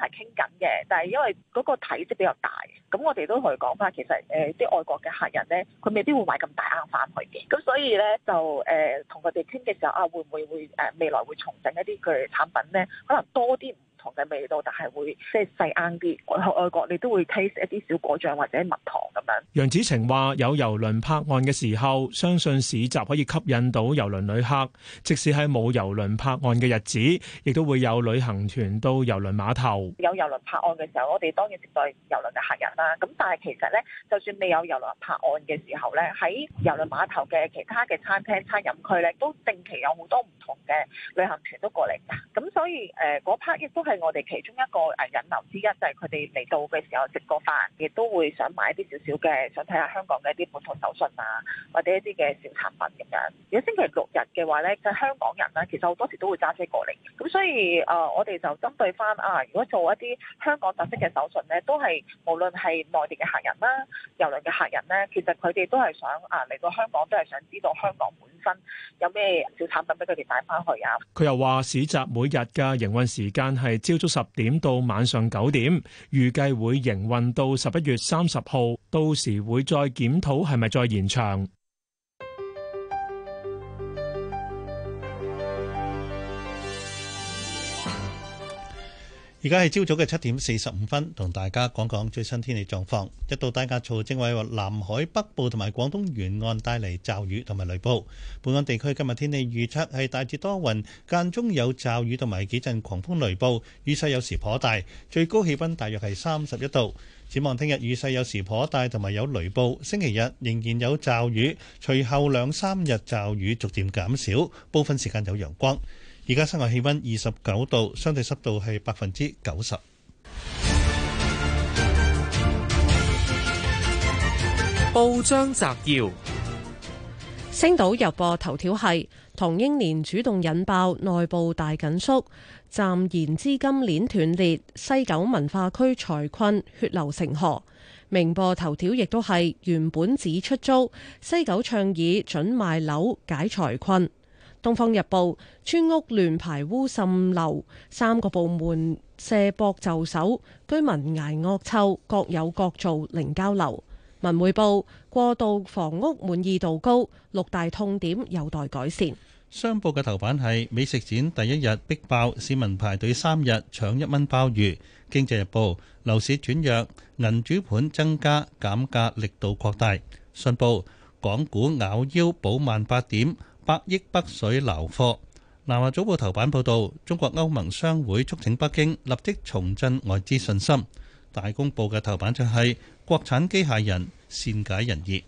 係傾緊嘅，但係因為嗰個體積比較大，咁我哋都同佢講翻，其實誒啲、呃、外國嘅客人咧，佢未必會買咁大盎翻去嘅，咁所以咧就誒同佢哋傾嘅時候啊，會唔會會誒、呃、未來會重整一啲佢產品咧，可能多啲。糖嘅味道，但係會即係細啱啲。外外國，你都會 taste 一啲小果醬或者蜜糖咁樣。楊子晴話有郵輪泊岸嘅時候，相信市集可以吸引到郵輪旅客。即使喺冇郵輪泊岸嘅日子，亦都會有旅行團到郵輪碼頭。有郵輪泊岸嘅時候，我哋當然接待郵輪嘅客人啦。咁但係其實咧，就算未有郵輪泊岸嘅時候咧，喺郵輪碼頭嘅其他嘅餐廳餐飲區咧，都定期有好多唔同嘅旅行團都過嚟㗎。咁所以誒嗰 part 亦都係。那個係我哋其中一個誒引流之一，就係佢哋嚟到嘅時候食過飯，亦都會想買一啲少少嘅，想睇下香港嘅一啲本土手信啊，或者一啲嘅小產品咁樣。如果星期六日嘅話咧，就香港人咧，其實好多時都會揸車過嚟。咁所以誒，我哋就針對翻啊，如果做一啲香港特色嘅手信咧，都係無論係內地嘅客人啦、遊輪嘅客人咧，其實佢哋都係想啊嚟到香港，都係想知道香港本身有咩小產品俾佢哋帶翻去啊。佢又話市集每日嘅營運時間係。朝早十點到晚上九點，預計會營運到十一月三十號，到時會再檢討係咪再延長。而家係朝早嘅七點四十五分，同大家講講最新天氣狀況。一道低壓槽正為南海北部同埋廣東沿岸帶嚟驟雨同埋雷暴。本港地區今日天氣預測係大致多雲，間中有驟雨同埋幾陣狂風雷暴，雨勢有時頗大，最高氣溫大約係三十一度。展望聽日雨勢有時頗大，同埋有雷暴。星期日仍然有驟雨，隨後兩三日驟雨逐漸減少，部分時間有陽光。而家室外氣溫二十九度，相對濕度係百分之九十。報章摘要：星島日報頭條係唐英年主動引爆內部大緊縮，暫言資金鏈斷裂；西九文化區財困，血流成河。明報頭條亦都係原本只出租，西九倡議準賣樓解財困。《東方日報》村屋亂排污滲漏，三個部門卸膊就手，居民捱惡臭；各有各做，零交流。《文匯報》過度房屋滿意度高，六大痛點有待改善。《商報》嘅頭版係美食展第一日逼爆，市民排隊三日搶一蚊鮑魚。《經濟日報》樓市轉弱，銀主盤增加，減價力度擴大。《信報》港股咬腰，保萬八點。百億北水流貨。南華早報頭版報道，中國歐盟商會促請北京立即重振外資信心。大公報嘅頭版就係國產機械人善解人意。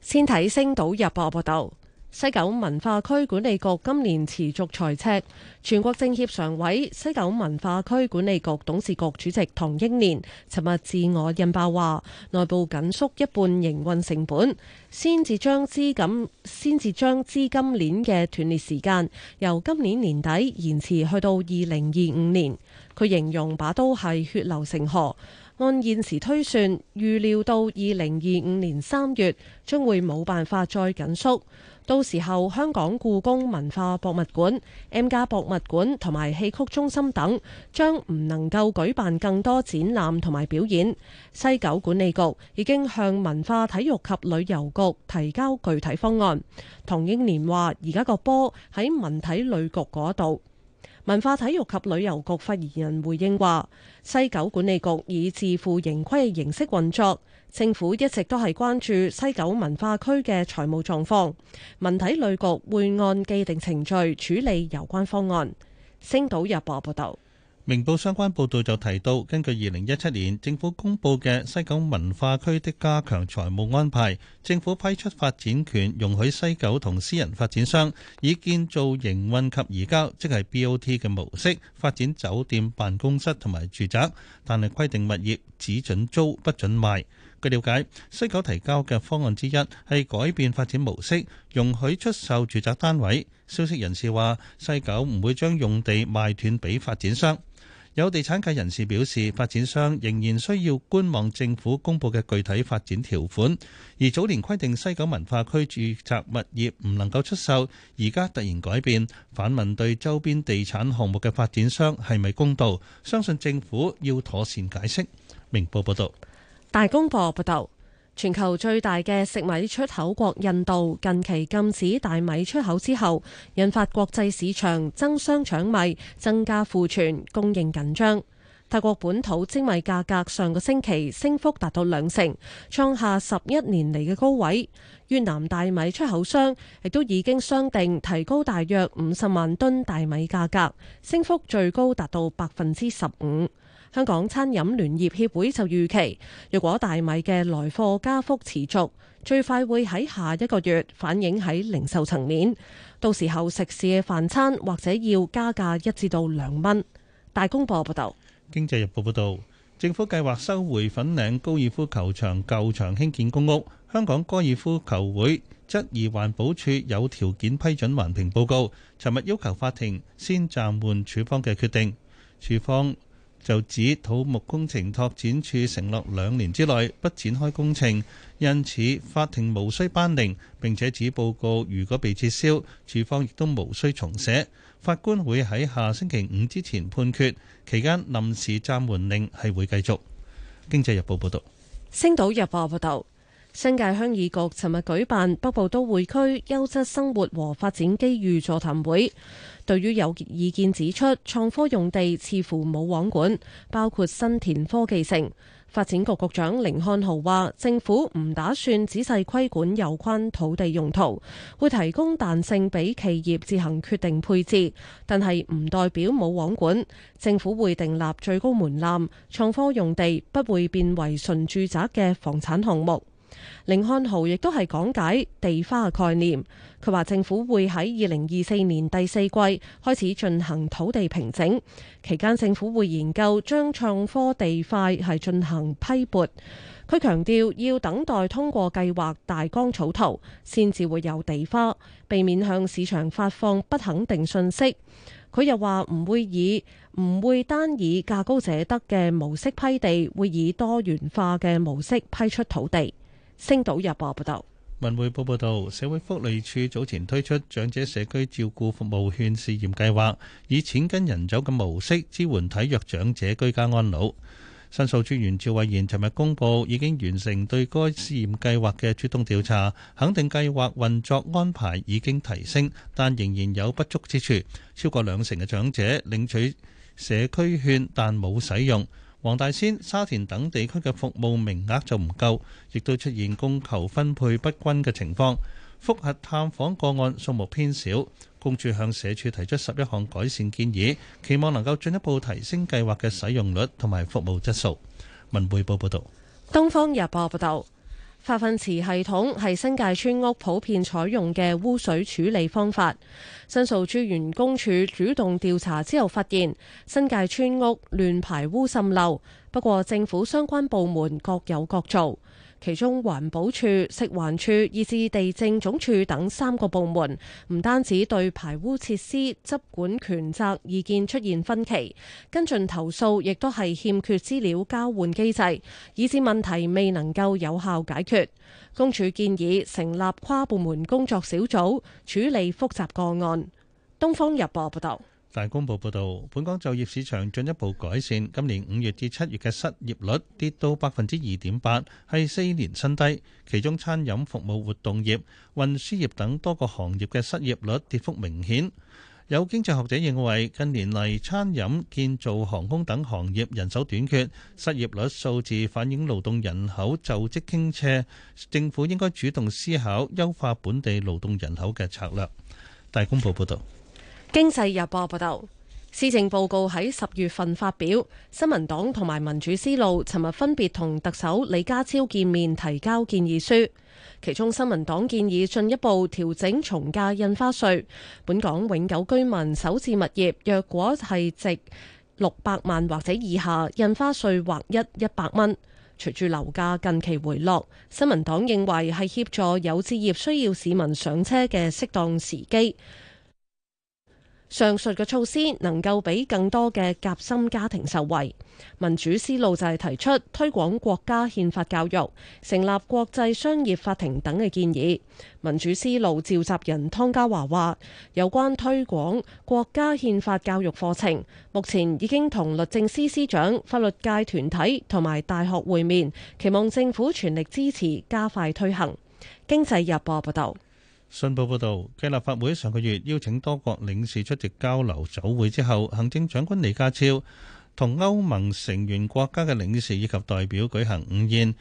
先睇星島日報報道。西九文化區管理局今年持續財赤，全國政協常委、西九文化區管理局董事局主席唐英年尋日自我印爆話，內部緊縮一半營運成本，先至將資金先至將資金鏈嘅斷裂時間由今年年底延遲去到二零二五年。佢形容把刀係血流成河。按現時推算，預料到二零二五年三月將會冇辦法再緊縮，到時候香港故宮文化博物館、M+ 博物館同埋戲曲中心等將唔能夠舉辦更多展覽同埋表演。西九管理局已經向文化體育及旅遊局提交具體方案。唐英年話：而家個波喺文體旅局嗰度。文化體育及旅遊局發言人回應話：西九管理局以自負盈虧嘅形式運作，政府一直都係關注西九文化區嘅財務狀況，文體旅局會按既定程序處理有關方案。星島日報報道。明報相關報道就提到，根據2017年，政府公布嘅西九文化區的加強財務安排。政府批出發展權，容許西九同私人發展商，以建造營運及移交，即係 BOT 的模式，發展酒店辦公室同埋住宅。但係，規定物業，只准租，不准賣。據了解，西九提交嘅方案之一，係改變發展模式，容許出售住宅單位。消息人士話，西九唔會將用地賣斷俾發展商。有地產界人士表示，發展商仍然需要觀望政府公布嘅具體發展條款，而早年規定西九文化區住宅物業唔能夠出售，而家突然改變，反問對周邊地產項目嘅發展商係咪公道？相信政府要妥善解釋。明報報道。大公報報道。全球最大嘅食米出口國印度近期禁止大米出口之後，引發國際市場爭相搶米，增加庫存，供應緊張。泰國本土精米價格上個星期升幅達到兩成，創下十一年嚟嘅高位。越南大米出口商亦都已經商定提高大約五十萬噸大米價格，升幅最高達到百分之十五。香港餐飲聯業協會就預期，若果大米嘅來貨加幅持續，最快會喺下一個月反映喺零售層面。到時候食肆嘅飯餐或者要加價一至到兩蚊。大公報報道，《經濟日報》報道，政府計劃收回粉嶺高爾夫球場舊場興建公屋。香港高爾夫球會質疑環保署有條件批准環評報告，尋日要求法庭先暫緩署方嘅決定，署方就指土木工程拓展署承諾兩年之內不展開工程，因此法庭無需頒令，並且指報告如果被撤銷，署方亦都無需重寫。法官會喺下星期五之前判決，期間臨時暫緩令係會繼續。經濟日報報道，星島日報報道。新界鄉議局尋日舉辦北部都會區優質生活和發展機遇座談會。對於有意見指出，創科用地似乎冇網管，包括新田科技城。發展局局長甯漢豪話，政府唔打算仔細規管有關土地用途，會提供彈性俾企業自行決定配置，但係唔代表冇網管。政府會訂立最高門檻，創科用地不會變為純住宅嘅房產項目。凌漢豪亦都係講解地花嘅概念。佢話政府會喺二零二四年第四季開始進行土地平整期間，政府會研究將創科地塊係進行批撥。佢強調要等待通過計劃大綱草圖，先至會有地花，避免向市場發放不肯定訊息。佢又話唔會以唔會單以價高者得嘅模式批地，會以多元化嘅模式批出土地。星島日報報道，文匯報報道，社會福利署早前推出長者社區照顧服務券試驗計劃，以錢跟人走嘅模式支援體弱長者居家安老。申訴專員趙慧賢尋日公布，已經完成對該試驗計劃嘅主動調查，肯定計劃運作安排已經提升，但仍然有不足之處。超過兩成嘅長者領取社區券，但冇使用。黃大仙、沙田等地區嘅服務名額就唔夠，亦都出現供求分配不均嘅情況，複核探訪個案數目偏少，公署向社署提出十一項改善建議，期望能夠進一步提升計劃嘅使用率同埋服務質素。文匯報報道。東方日報報導。化糞池系統係新界村屋普遍採用嘅污水處理方法。申訴專員公署主動調查之後，發現新界村屋亂排污滲漏。不過，政府相關部門各有各做。其中環保署、食環署以至地政總署等三個部門，唔單止對排污設施執管權責意見出現分歧，跟進投訴亦都係欠缺資料交換機制，以致問題未能夠有效解決。公署建議成立跨部門工作小組處理複雜個案。《東方日報》報道。大公報報導，本港就業市場進一步改善，今年五月至七月嘅失業率跌到百分之二點八，係四年新低。其中，餐飲服務活動業、運輸業等多個行業嘅失業率跌幅明顯。有經濟學者認為，近年嚟餐飲、建造、航空等行業人手短缺，失業率數字反映勞動人口就職傾斜。政府應該主動思考優化本地勞動人口嘅策略。大公報報導。經濟日報報道，施政報告喺十月份發表。新民黨同埋民主思路，尋日分別同特首李家超見面，提交建議書。其中，新民黨建議進一步調整從價印花稅。本港永久居民首次物業若果係值六百萬或者以下，印花稅劃一一百蚊。隨住樓價近期回落，新民黨認為係協助有置業需要市民上車嘅適當時機。上述嘅措施能夠俾更多嘅夾心家庭受惠。民主思路就係提出推廣國家憲法教育、成立國際商業法庭等嘅建議，民主思路召集人湯家驊話有關推廣國家憲法教育課程，目前已經同律政司司長、法律界團體同埋大學會面，期望政府全力支持，加快推行。經濟日報報道。信報報道，繼立法會上個月邀請多國領事出席交流酒會之後，行政長官李家超同歐盟成員國家嘅領事以及代表舉行午宴。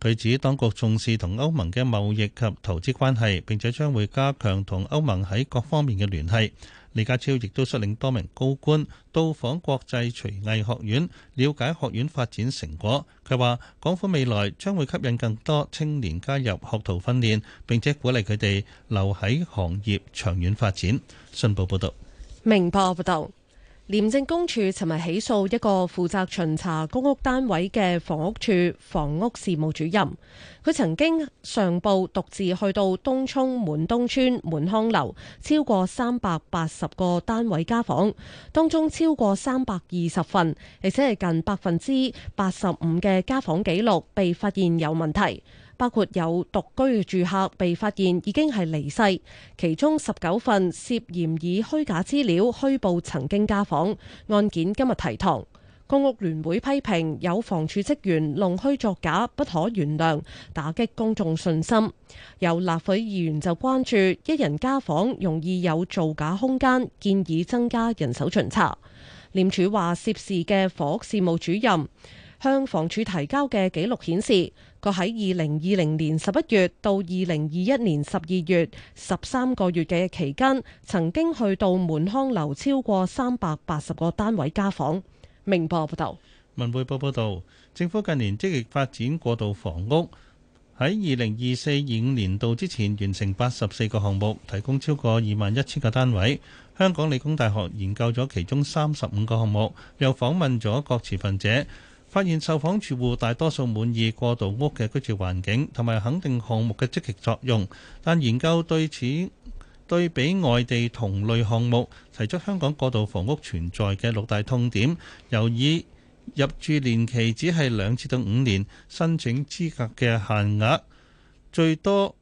佢指當局重視同歐盟嘅貿易及投資關係，並且將會加強同歐盟喺各方面嘅聯繫。李家超亦都率領多名高官到訪國際廚藝學院，了解學院發展成果。佢話港府未來將會吸引更多青年加入學徒訓練，並且鼓勵佢哋留喺行業長遠發展。信報報道。明報報道。廉政公署尋日起訴一個負責巡查公屋單位嘅房屋署房屋事務主任，佢曾經上報獨自去到東涌滿東邨滿康樓，超過三百八十個單位家訪，當中超過三百二十份，而且係近百分之八十五嘅家訪記錄被發現有問題。包括有獨居住客被發現已經係離世，其中十九份涉嫌以虛假資料虛報曾經家訪，案件今日提堂。公屋聯會批評有房署職員弄虛作假，不可原諒，打擊公眾信心。有立會議員就關注一人家訪容易有造假空間，建議增加人手巡查。廉署話涉事嘅房屋事務主任向房署提交嘅記錄顯示，喺二零二零年十一月到二零二一年十二月十三個月嘅期間，曾經去到滿康樓超過三百八十個單位家訪。明報報道，文匯報報道，政府近年積極發展過渡房屋，喺二零二四、二五年度之前完成八十四個項目，提供超過二萬一千個單位。香港理工大學研究咗其中三十五個項目，又訪問咗各持份者。發現受訪住戶大多數滿意過渡屋嘅居住環境，同埋肯定項目嘅積極作用。但研究對此對比外地同類項目，提出香港過渡房屋存在嘅六大痛點，由於入住年期只係兩至到五年，申請資格嘅限額最多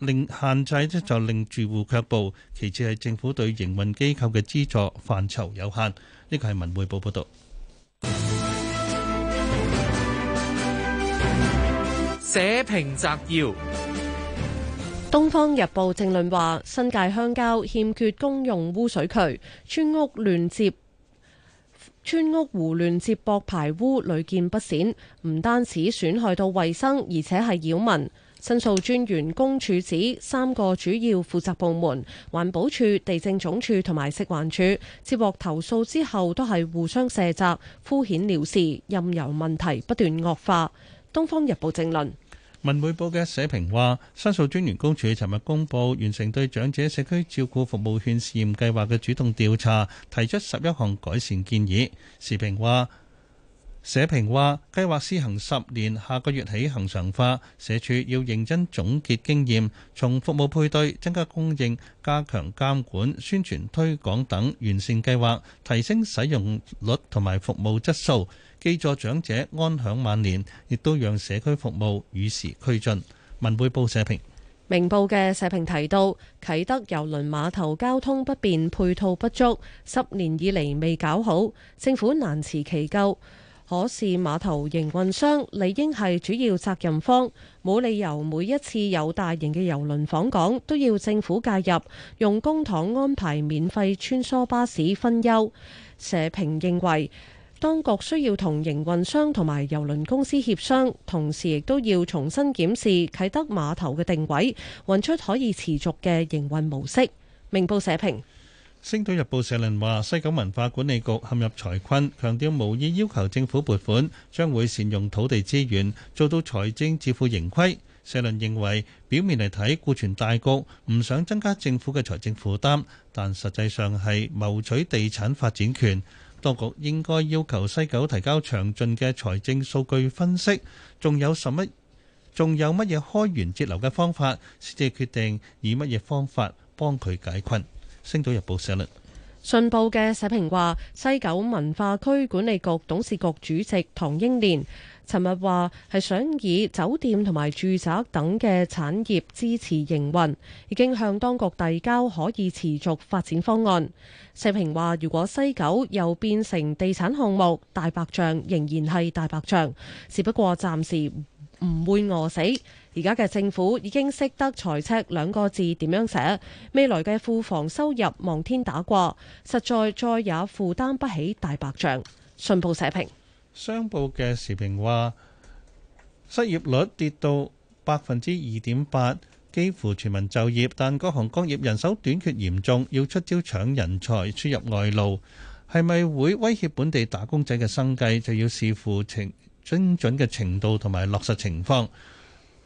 令限制咧就令住戶卻步。其次係政府對營運機構嘅資助範疇有限。呢個係文匯報報導。社評摘要：《東方日報》正論話：新界鄉郊欠缺公用污水渠，村屋亂接村屋胡亂接駁排污屢見不鮮，唔單止損害到衛生，而且係擾民。申訴專員公署指三個主要負責部門環保署、地政總署同埋食環署接獲投訴之後都係互相卸責、敷衍了事，任由問題不斷惡化。《東方日報》正論，文匯報嘅社評話：申訴專員公署尋日公佈完成對長者社區照顧服務券試驗計劃嘅主動調查，提出十一項改善建議。社評話。社評話計劃施行十年，下個月起恆常化，社署要認真總結經驗，從服務配對、增加供應、加強監管、宣傳推廣等完善計劃，提升使用率同埋服務質素，冀助長者安享晚年，亦都讓社區服務與時俱進。文匯報社評，明報嘅社評提到啟德郵輪碼頭交通不便，配套不足，十年以嚟未搞好，政府難辭其咎。可是，碼頭營運商理應係主要責任方，冇理由每一次有大型嘅郵輪訪港都要政府介入，用公帑安排免費穿梭巴士分憂。社評認為，當局需要同營運商同埋郵輪公司協商，同時亦都要重新檢視啟德碼頭嘅定位，揾出可以持續嘅營運模式。明報社評。星島日報社論話：西九文化管理局陷入財困，強調無意要求政府撥款，將會善用土地資源，做到財政自負盈虧。社論認為，表面嚟睇顧全大局，唔想增加政府嘅財政負擔，但實際上係謀取地產發展權。當局應該要求西九提交詳盡嘅財政數據分析，仲有乜嘢仲有乜嘢開源節流嘅方法，先至決定以乜嘢方法幫佢解困。星島日報社論，信報嘅社評話，西九文化區管理局董事局主席唐英年，尋日話係想以酒店同埋住宅等嘅產業支持營運，已經向當局遞交可以持續發展方案。社評話，如果西九又變成地產項目，大白象仍然係大白象，只不過暫時唔會餓死。而家嘅政府已經識得財赤兩個字點樣寫，未來嘅庫房收入望天打卦，實在再也負擔不起大白象」寫。信報社評，商報嘅時評話，失業率跌到百分之二點八，幾乎全民就業，但各行各業人手短缺嚴重，要出招搶人才輸入外勞，係咪會威脅本地打工仔嘅生計？就要視乎精精準嘅程度同埋落實情況。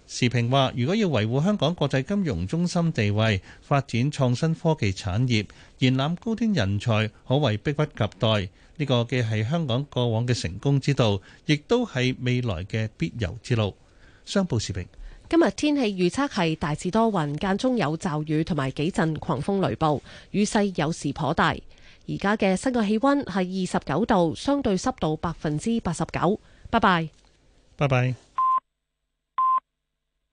時評話：如果要維護香港國際金融中心地位、發展創新科技產業、延攬高端人才，可謂迫不及待。呢、這個既係香港過往嘅成功之道，亦都係未來嘅必由之路。商報時評。今日天氣預測係大致多雲，間中有驟雨同埋幾陣狂風雷暴，雨勢有時頗大。而家嘅室外氣溫係二十九度，相對濕度百分之八十九。拜拜，拜拜。